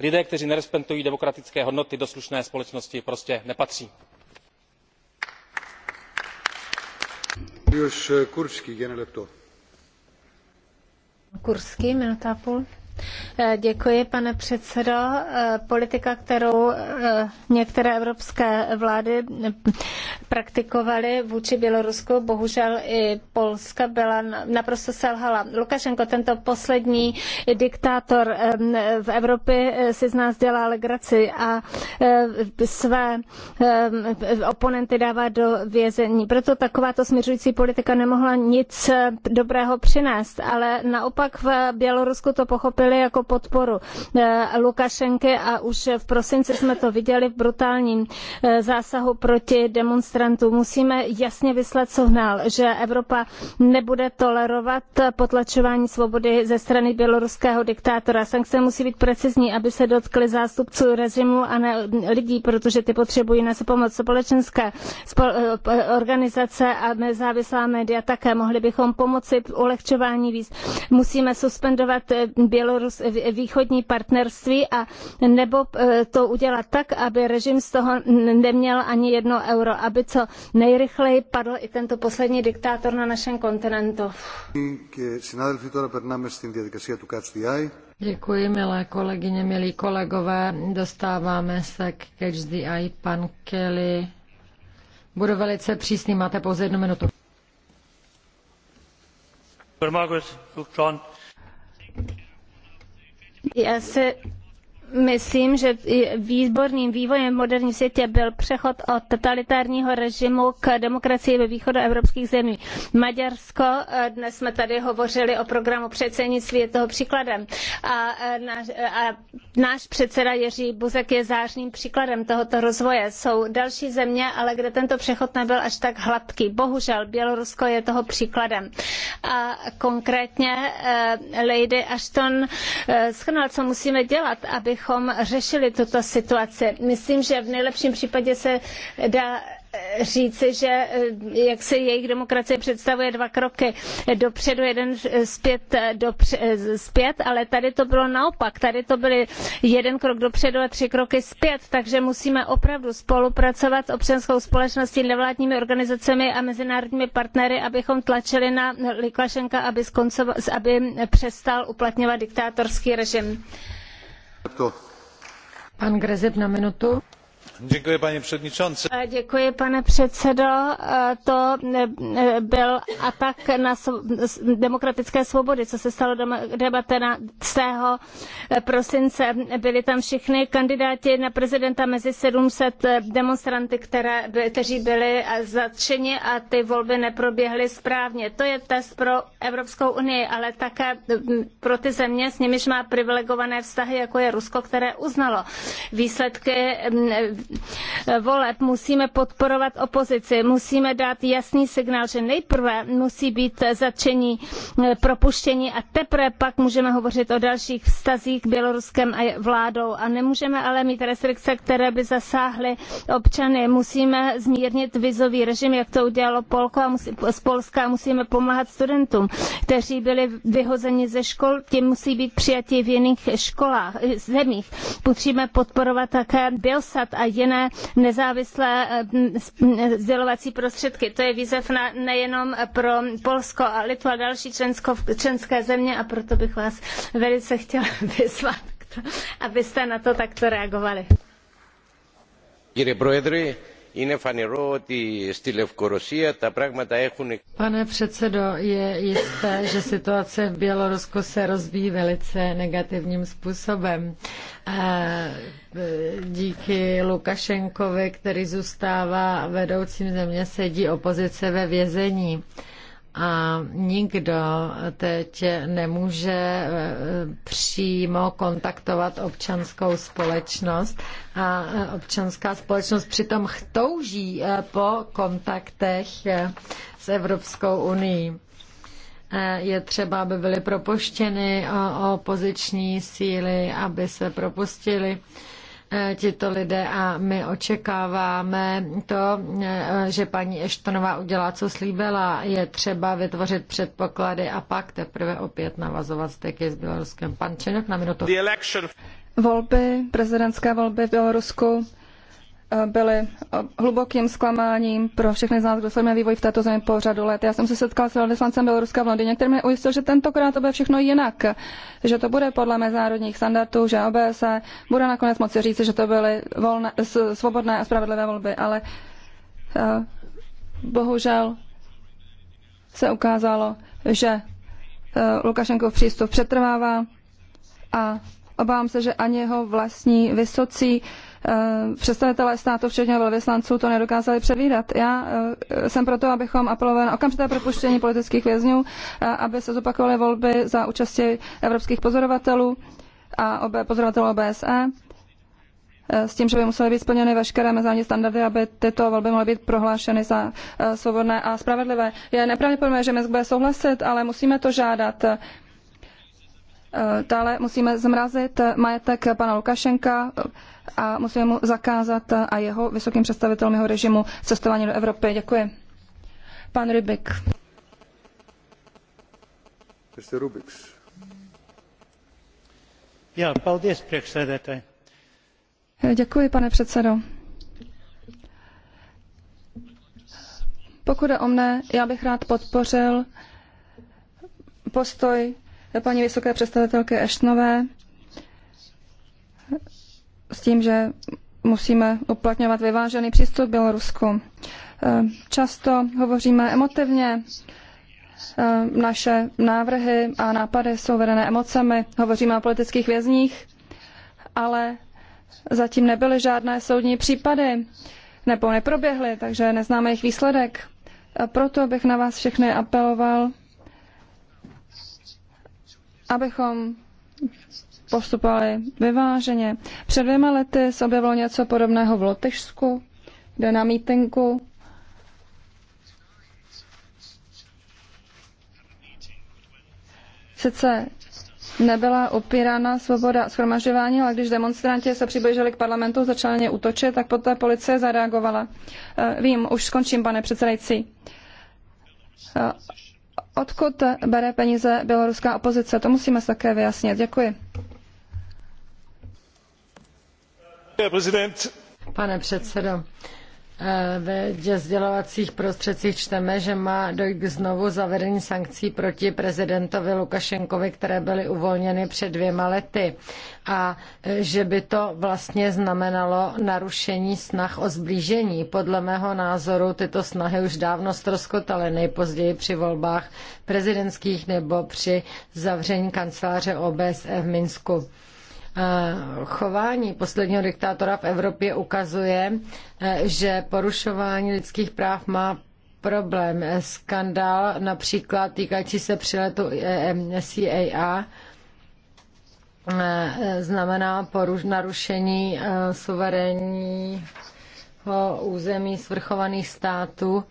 lidé kteří nerespektují demokratické hodnoty do slušné společnosti prostě nepatří. Kurský, Eh, děkuji, pane předsedo. Eh, politika, kterou eh, některé evropské vlády praktikovaly vůči Bělorusku, bohužel i Polska byla naprosto selhala. Lukašenko, tento poslední diktátor v Evropě, si z nás dělá legraci a své oponenty dává do vězení. Proto takováto směřující politika nemohla nic dobrého přinést, ale naopak v Bělorusku to pochopil pochopili jako podporu eh, Lukašenky a už v prosinci jsme to viděli v brutálním eh, zásahu proti demonstrantům. Musíme jasně vyslat signál, že Evropa nebude tolerovat potlačování svobody ze strany běloruského diktátora. Sankce musí být precizní, aby se dotkly zástupců režimu a ne lidí, protože ty potřebují na pomoc společenské eh, organizace a nezávislá média také. Mohli bychom pomoci ulehčování víz. Musíme suspendovat běloruské východní partnerství a nebo eh, to udělat tak, aby režim z toho neměl ani jedno euro, aby co nejrychleji padl i tento poslední diktátor na našem kontinentu. Děkuji, milé kolegyně, milí kolegové. Dostáváme se k Catch the Eye, pan Kelly. Budu velice přísný, máte pouze jednu minutu. Já se myslím, že výborným vývojem v moderním světě byl přechod od totalitárního režimu k demokracii ve východoevropských zemí. Maďarsko, eh, dnes jsme tady hovořili o programu předsednictví, je toho příkladem. A, eh, náš, eh, a náš předseda Jiří Buzek je zářným příkladem tohoto rozvoje. Jsou další země, ale kde tento přechod nebyl až tak hladký. Bohužel Bělorusko je toho příkladem. A konkrétně Lady Ashton schrnul, co musíme dělat, aby abychom řešili tuto situaci. Myslím, že v nejlepším případě se dá eh, říci, že eh, jak se jejich demokracie představuje dva kroky dopředu, jeden eh, zpět, dopřed, zpět, ale tady to bylo naopak. Tady to byly jeden krok dopředu a tři kroky zpět, takže musíme opravdu spolupracovat s občanskou společností, nevládními organizacemi a mezinárodními partnery, abychom tlačili na Likašenka, aby, skoncoval, aby přestal uplatňovat diktátorský režim. Pan Grezeb na minutu. Eh, pane předsedající eh, To eh, byl atak na demokratické svobody, co se stalo 19. prosince. Byli tam všichni kandidáti na prezidenta mezi 700 demonstranty, které, kteří byli zatčeni a ty volby neproběhly správně. To je test pro Evropskou unii, ale také hm, pro ty země, s nimiž má privilegované vztahy, jako je Rusko, které uznalo výsledky hm, voleb musíme podporovat opozici, musíme dát jasný signál, že nejprve musí být zatčení eh, propuštění a teprve pak můžeme hovořit o dalších vztazích běloruskem a vládou. A nemůžeme ale mít restrikce, které by zasáhly občany. Musíme zmírnit vizový režim, jak to udělalo Polko a musí, z Polska a musíme pomáhat studentům, kteří byli vyhozeni ze škol, ti musí být přijati v jiných školách, eh, zemích. Musíme podporovat také Biosat a jediné nezávislé eh, sdělovací prostředky. To je výzev na, nejenom pro Polsko a Litvu a další člensko, členské země a proto bych vás velice chtěla vyzvat, abyste na to takto reagovali. Κύριε Pane předsedo, je jisté, že situace v Bělorusku se rozvíjí velice negativním způsobem. E, díky Lukašenkovi, který zůstává vedoucím země, sedí opozice ve vězení a nikdo teď nemůže e, přímo kontaktovat občanskou společnost a e, občanská společnost přitom touží e, po kontaktech s Evropskou unii. Je třeba, aby byly propuštěny opoziční síly, aby se propustili Eh, tito lidé a my očekáváme to, eh, že paní Eštonová udělá, co slíbila. Je třeba vytvořit předpoklady a pak teprve opět navazovat steky s Běloruskem. Pan Čenok na minutu. Volby, prezidentské volby v Bělorusku Eh, byly eh, hlubokým zklamáním pro všechny z nás, kdo sledujeme vývoj v této zemi po řadu let. Já jsem se setkal s velvyslancem Běloruska v Londýně, který mě ujistil, že tentokrát to bude všechno jinak, že to bude podle mezinárodních standardů, že OBSE bude nakonec moci říct, že to byly volné, svobodné a spravedlivé volby, ale eh, bohužel se ukázalo, že Lukašenkov přístup přetrvává a obávám se, že ani jeho vlastní vysocí Eh, představitelé státu, včetně velvyslanců, to nedokázali předvídat. Já eh, jsem proto, abychom apelovali na okamžité propuštění politických vězňů, eh, aby se zopakovaly volby za účasti evropských pozorovatelů a pozorovatelů OBSE s tím, že by musely být splněny veškeré mezinárodní standardy, aby tyto volby mohly být prohlášeny za svobodné a spravedlivé. Je nepravděpodobné, že Minsk bude souhlasit, ale musíme to žádat. Dále musíme zmrazit majetek pana Lukašenka a musíme mu zakázat a jeho vysokým představitelům jeho režimu cestování do Evropy. Děkuji. Pan Rybik. Mr. Rubiks. Já, Děkuji, pane předsedo. Pokud je o mne, já bych rád podpořil postoj paní vysoké představitelky Eštnové s tím, že musíme uplatňovat vyvážený přístup Bělorusku. Eh, často hovoříme emotivně, eh, naše návrhy a nápady jsou vedené emocemi, hovoříme o politických vězních, ale zatím nebyly žádné soudní případy, nebo neproběhly, takže neznáme jejich výsledek. A proto bych na vás všechny apeloval, abychom postupovali vyváženě. Před dvěma lety se objevilo něco podobného v Lotyšsku, kde na mítinku sice nebyla opírána svoboda schromažďování, ale když demonstranti se přiblížili k parlamentu, začali ně útočit, tak poté policie zareagovala. Eh, vím, už skončím, pane předsedající. Eh, odkud bere peníze běloruská opozice. To musíme se také vyjasnit. Děkuji. Pane předsedo, Eh, ve sdělovacích prostředcích čteme, že má dojít k znovu zavedení sankcí proti prezidentovi Lukašenkovi, které byly uvolněny před dvěma lety a eh, že by to vlastně znamenalo narušení snah o zblížení. Podle mého názoru tyto snahy už dávno stroskotaly nejpozději při volbách prezidentských nebo při zavření kanceláře OBSE v Minsku. Eh, chování posledního diktátora v Evropě ukazuje, eh, že porušování lidských práv má problém. Skandál například týkající se přiletu e CIA eh, znamená narušení suverénního území svrchovaných států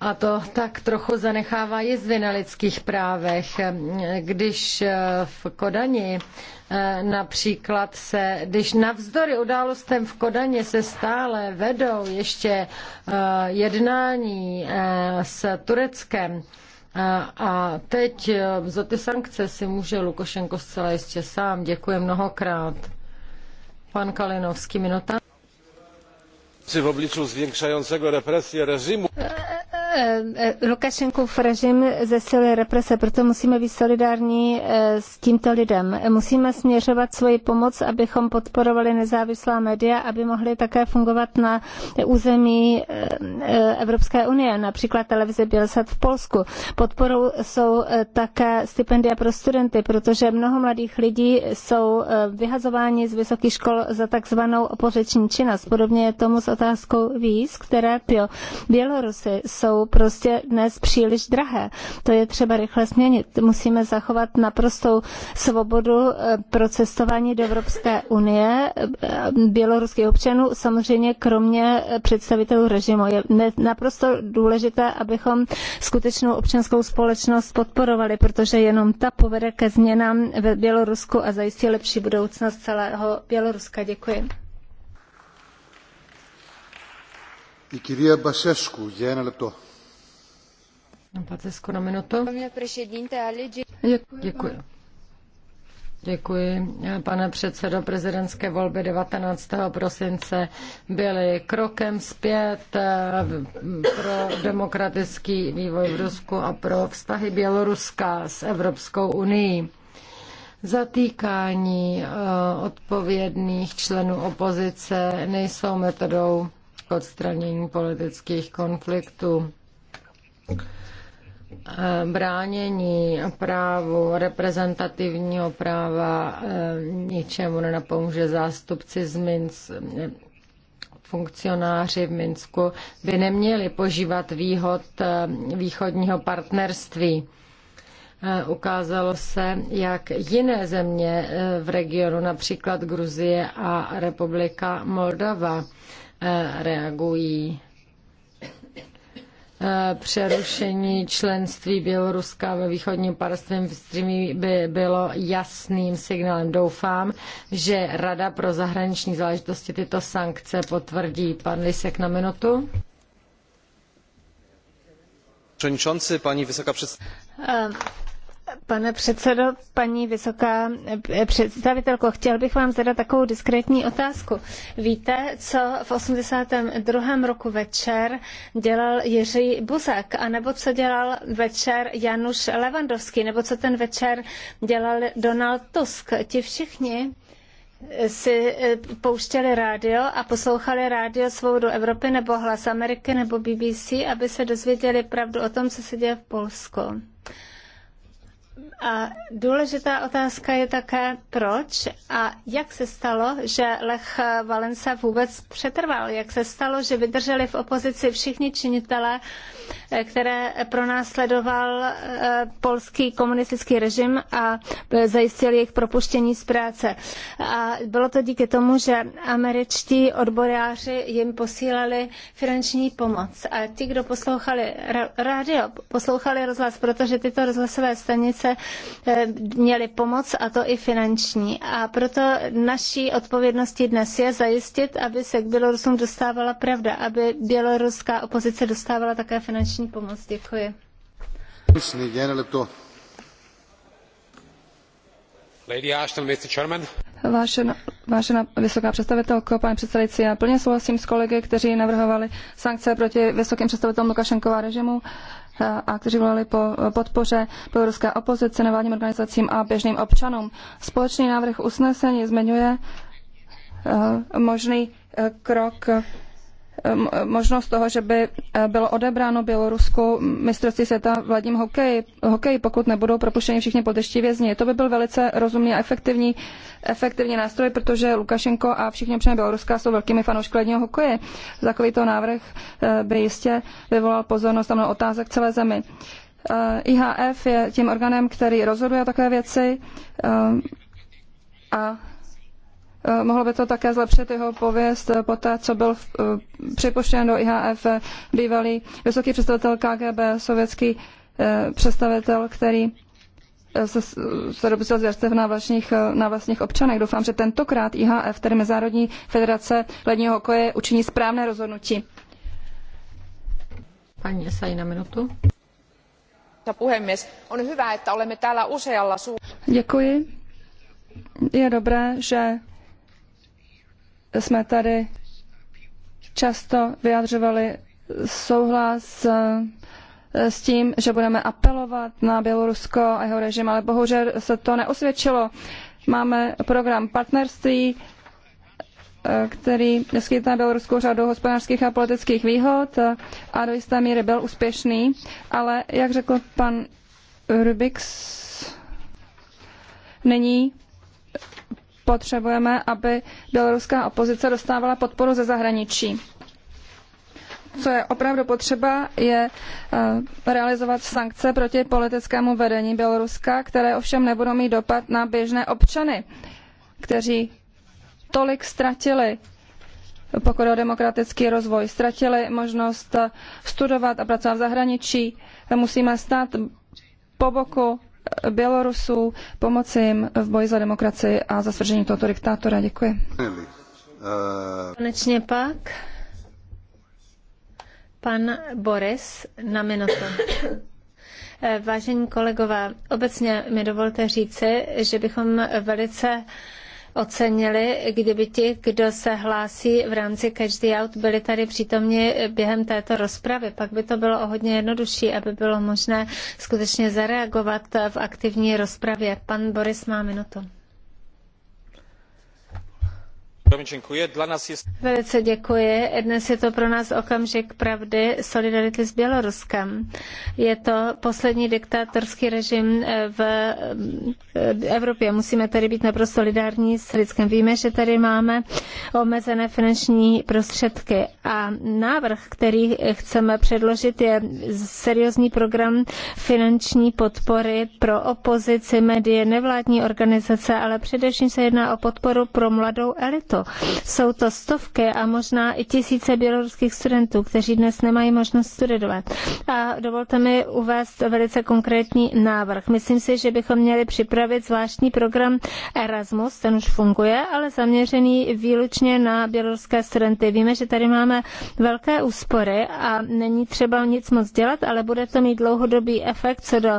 a to tak trochu zanechává jizvy na lidských právech. Když eh, v Kodani eh, například se, když navzdory událostem v Kodani se stále vedou ještě eh, jednání s Tureckem, a teď za ty sankce si může Lukošenko zcela jistě sám. Děkuji mnohokrát. Pan Kalinovský, minuta. V obliču zwiększającego represję reżimu Eh, eh, Lukašenkův režim zesiluje represe, proto musíme být solidární eh, s tímto lidem. Musíme směřovat svoji pomoc, abychom podporovali nezávislá média, aby mohly také fungovat na území Evropské unie, například televize Bělsat v Polsku. Podporou jsou také stipendia pro studenty, protože mnoho mladých lidí jsou vyhazováni z vysokých škol za takzvanou opořeční činnost. Podobně je tomu s otázkou víz, které Bělorusy jsou jsou prostě dnes příliš drahé. To je třeba rychle změnit. Musíme zachovat naprostou svobodu eh, pro cestování do Evropské unie eh, běloruských občanů, samozřejmě kromě eh, představitelů režimu. Je naprosto důležité, abychom skutečnou občanskou společnost podporovali, protože jenom ta povede ke změnám ve Bělorusku a zajistí lepší budoucnost celého Běloruska. Děkuji. Η κυρία Μπασέσκου για ένα λεπτό. Děkuji. Děkuji. Pane předsedo, prezidentské volby 19. prosince byly krokem zpět eh, pro demokratický vývoj v Rusku a pro vztahy Běloruska s Evropskou unii zatýkání eh, odpovědných členů opozice nejsou metodou k odstranění politických konfliktů. Eh, bránění právu reprezentativního práva eh, ničemu nenapomůže zástupci z Minsk, eh, funkcionáři v Minsku by neměli požívat výhod východního partnerství. Ukázalo se, jak jiné země v regionu, například Gruzie a Republika Moldava, reagují Eh, přerušení členství Běloruska ve východním partnerství by bylo jasným signálem. Doufám, že Rada pro zahraniční záležitosti tyto sankce potvrdí. Pan Lisek na minutu. Předsedající, paní vysoká představitelka eh, Pane předsedo, paní vysoká představitelko, chtěl bych vám zadat takovou diskrétní otázku. Víte, co v 82. roku večer dělal Jiří Buzek, anebo co dělal večer Januš Levandovský, nebo co ten večer dělal Donald Tusk? Ti všichni si eh, pouštěli rádio a poslouchali rádio svou do Evropy nebo Hlas Ameriky nebo BBC, aby se dozvěděli pravdu o tom, co se děje v Polsku. A důležitá otázka je také, proč a jak se stalo, že Lech Valensa vůbec přetrval, jak se stalo, že vydrželi v opozici všichni činitelé, které pronásledoval eh, polský komunistický režim a eh, zajistil jejich propuštění z práce. A bylo to díky tomu, že američtí odboráři jim posílali finanční pomoc. A ti, kdo poslouchali rádio, poslouchali rozhlas, protože tyto rozhlasové stanice eh, měly pomoc a to i finanční. A proto naší odpovědností dnes je zajistit, aby se k Bělorusům dostávala pravda, aby běloruská opozice dostávala také finanční finanční pomoc. Děkuji. Lady Ashton, Mr. Chairman. vysoká představitelko, pane předsedající, já plně souhlasím s kolegy, kteří navrhovali sankce proti vysokým představitelům Lukašenkova režimu eh, a kteří volali po podpoře běloruské opozice, nevládním organizacím a běžným občanům. Společný návrh usnesení zmiňuje eh, možný eh, krok možnost toho, že by eh, bylo odebráno Bělorusku mistrovství světa v ledním hokeji, hokeji, pokud nebudou propuštěni všichni političtí vězni. To by byl velice rozumný a efektivní, efektivní nástroj, protože Lukašenko a všichni občané Běloruska jsou velkými fanoušky ledního hokeje. Takovýto návrh eh, by jistě vyvolal pozornost a mnoho otázek celé zemi. Eh, IHF je tím orgánem, který rozhoduje o takové věci a Eh, mohlo by to také zlepšit jeho pověst eh, po té, co byl eh, připuštěn do IHF bývalý vysoký představitel KGB, sovětský představitel, který se, se dopustil zvěrstev na vlastních, na vlastních občanech. Doufám, že tentokrát IHF, tedy Mezinárodní federace ledního hokeje, učiní správné rozhodnutí. Paní Esai na minutu. on hyvä, että olemme täällä usealla Děkuji. Je dobré, že jsme tady často vyjadřovali souhlas eh, s tím, že budeme apelovat na Bělorusko a jeho režim, ale bohužel se to neosvědčilo. Máme program partnerství, eh, který skytá Běloruskou řadu hospodářských a politických výhod eh, a do jisté míry byl úspěšný, ale jak řekl pan Rubiks, není potřebujeme, aby běloruská opozice dostávala podporu ze zahraničí. Co je opravdu potřeba, je eh, realizovat sankce proti politickému vedení Běloruska, které ovšem nebudou mít dopad na běžné občany, kteří tolik ztratili pokud o demokratický rozvoj. Ztratili možnost eh, studovat a pracovat v zahraničí. Musíme stát po boku Bělorusů, pomoci jim v boji za demokracii a za svržení tohoto diktátora. Děkuji. Konečně pak pan Boris na minutu. Vážení kolegové, obecně mi dovolte říci, že bychom velice ocenili, kdyby ti, kdo se hlásí v rámci Catch the Out, byli tady přítomni během této rozpravy. Pak by to bylo o hodně jednodušší, aby bylo možné skutečně zareagovat v aktivní rozpravě. Pan Boris má minutu. Velice děkuji. Dnes je to pro nás okamžik pravdy solidarity s Běloruskem. Je to poslední diktátorský režim eh, v eh, Evropě. Musíme tady být naprosto solidární s lidskem. Víme, že tady máme omezené finanční prostředky a návrh, který chceme předložit, je seriózní program finanční podpory pro opozici, médie, nevládní organizace, ale především se jedná o podporu pro mladou elitu Bělorusku. Jsou to stovky a možná i tisíce běloruských studentů, kteří dnes nemají možnost studovat. A dovolte mi uvést velice konkrétní návrh. Myslím si, že bychom měli připravit zvláštní program Erasmus, ten už funguje, ale zaměřený výlučně na běloruské studenty. Víme, že tady máme velké úspory a není třeba nic moc dělat, ale bude to mít dlouhodobý efekt co do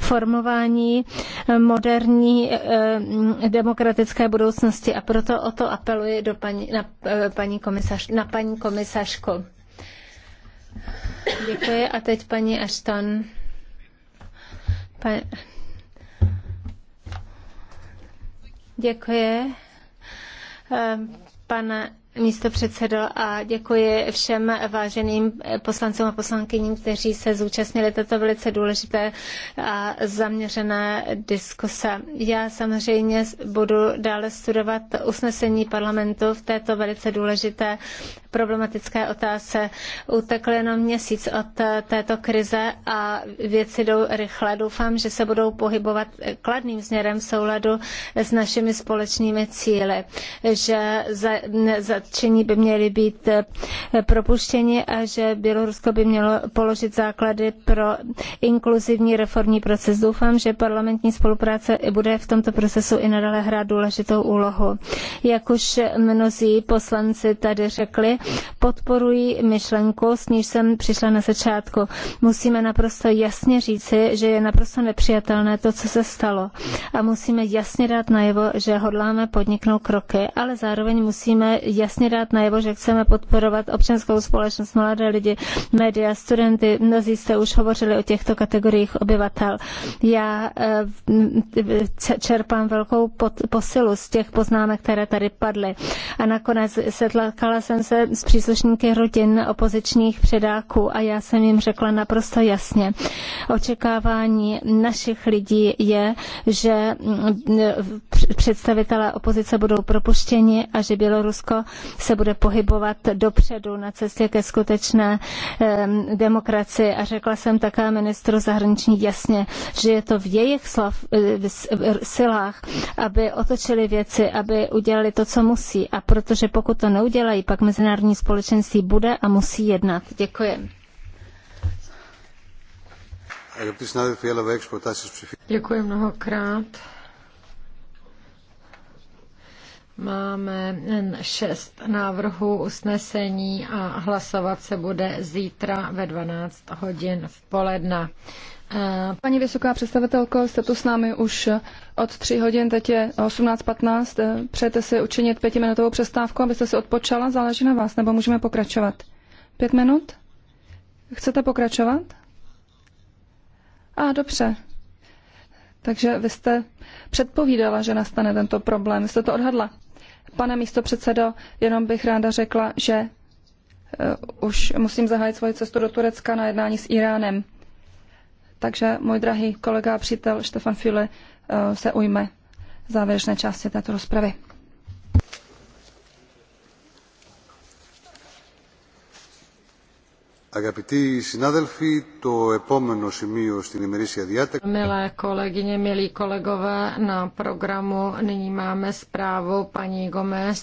formování eh, moderní eh, demokratické budoucnosti a proto o to apeluji apeluji do paní, na, eh, paní komisař, na paní komisařku. Děkuji a teď paní Ashton. Pa... Děkuji. Eh, Pane místo předsedo a děkuji všem váženým poslancům a poslankyním, kteří se zúčastnili této velice důležité a zaměřené diskuse. Já samozřejmě budu dále studovat usnesení parlamentu v této velice důležité problematické otázce utekl jenom měsíc od eh, této krize a věci jdou rychle. Doufám, že se budou pohybovat eh, kladným směrem v souladu s našimi společnými cíly, že zatčení by měly být eh, propuštěni a že Bělorusko by mělo položit základy pro inkluzivní reformní proces. Doufám, že parlamentní spolupráce bude v tomto procesu i nadále hrát důležitou úlohu. Jak už mnozí poslanci tady řekli, Podporuji myšlenku, s níž jsem přišla na začátku. Musíme naprosto jasně říci, že je naprosto nepřijatelné to, co se stalo. A musíme jasně dát najevo, že hodláme podniknout kroky, ale zároveň musíme jasně dát najevo, že chceme podporovat občanskou společnost, mladé lidi, média, studenty. Mnozí jste už hovořili o těchto kategoriích obyvatel. Já eh, čerpám velkou posilu z těch poznámek, které tady padly. A nakonec setlakala jsem se s příslušníky rodin opozičních předáků a já jsem jim řekla naprosto jasně. Očekávání našich lidí je, že mm, představitelé opozice budou propuštěni a že Bělorusko se bude pohybovat dopředu na cestě ke skutečné demokracii. A řekla jsem také ministru zahraniční jasně, že je to v jejich slav, silách, aby otočili věci, aby udělali to, co musí. A protože pokud to neudělají, pak mezinárodní mezinárodní společenství bude a musí jednat. Děkuji. Děkuji mnohokrát. Máme šest návrhů usnesení a hlasovat se bude zítra ve 12 hodin v poledne. Paní vysoká představitelko, jste tu s námi už eh, od 3 hodin, teď je 18.15. Eh, přejete si učinit pětiminutovou přestávku, abyste se odpočala? Záleží na vás, nebo můžeme pokračovat? Pět minut? Chcete pokračovat? A, dobře. Takže vy jste předpovídala, že nastane tento problém. jste to odhadla. Pane místo předsedo, jenom bych ráda řekla, že eh, už musím zahájit svoji cestu do Turecka na jednání s Iránem. Takže můj drahý kolega a přítel Štefan Füle eh, se ujme závěrečné části této rozpravy. Milé kolegyně, milí kolegové, na programu nyní máme zprávu paní Gomez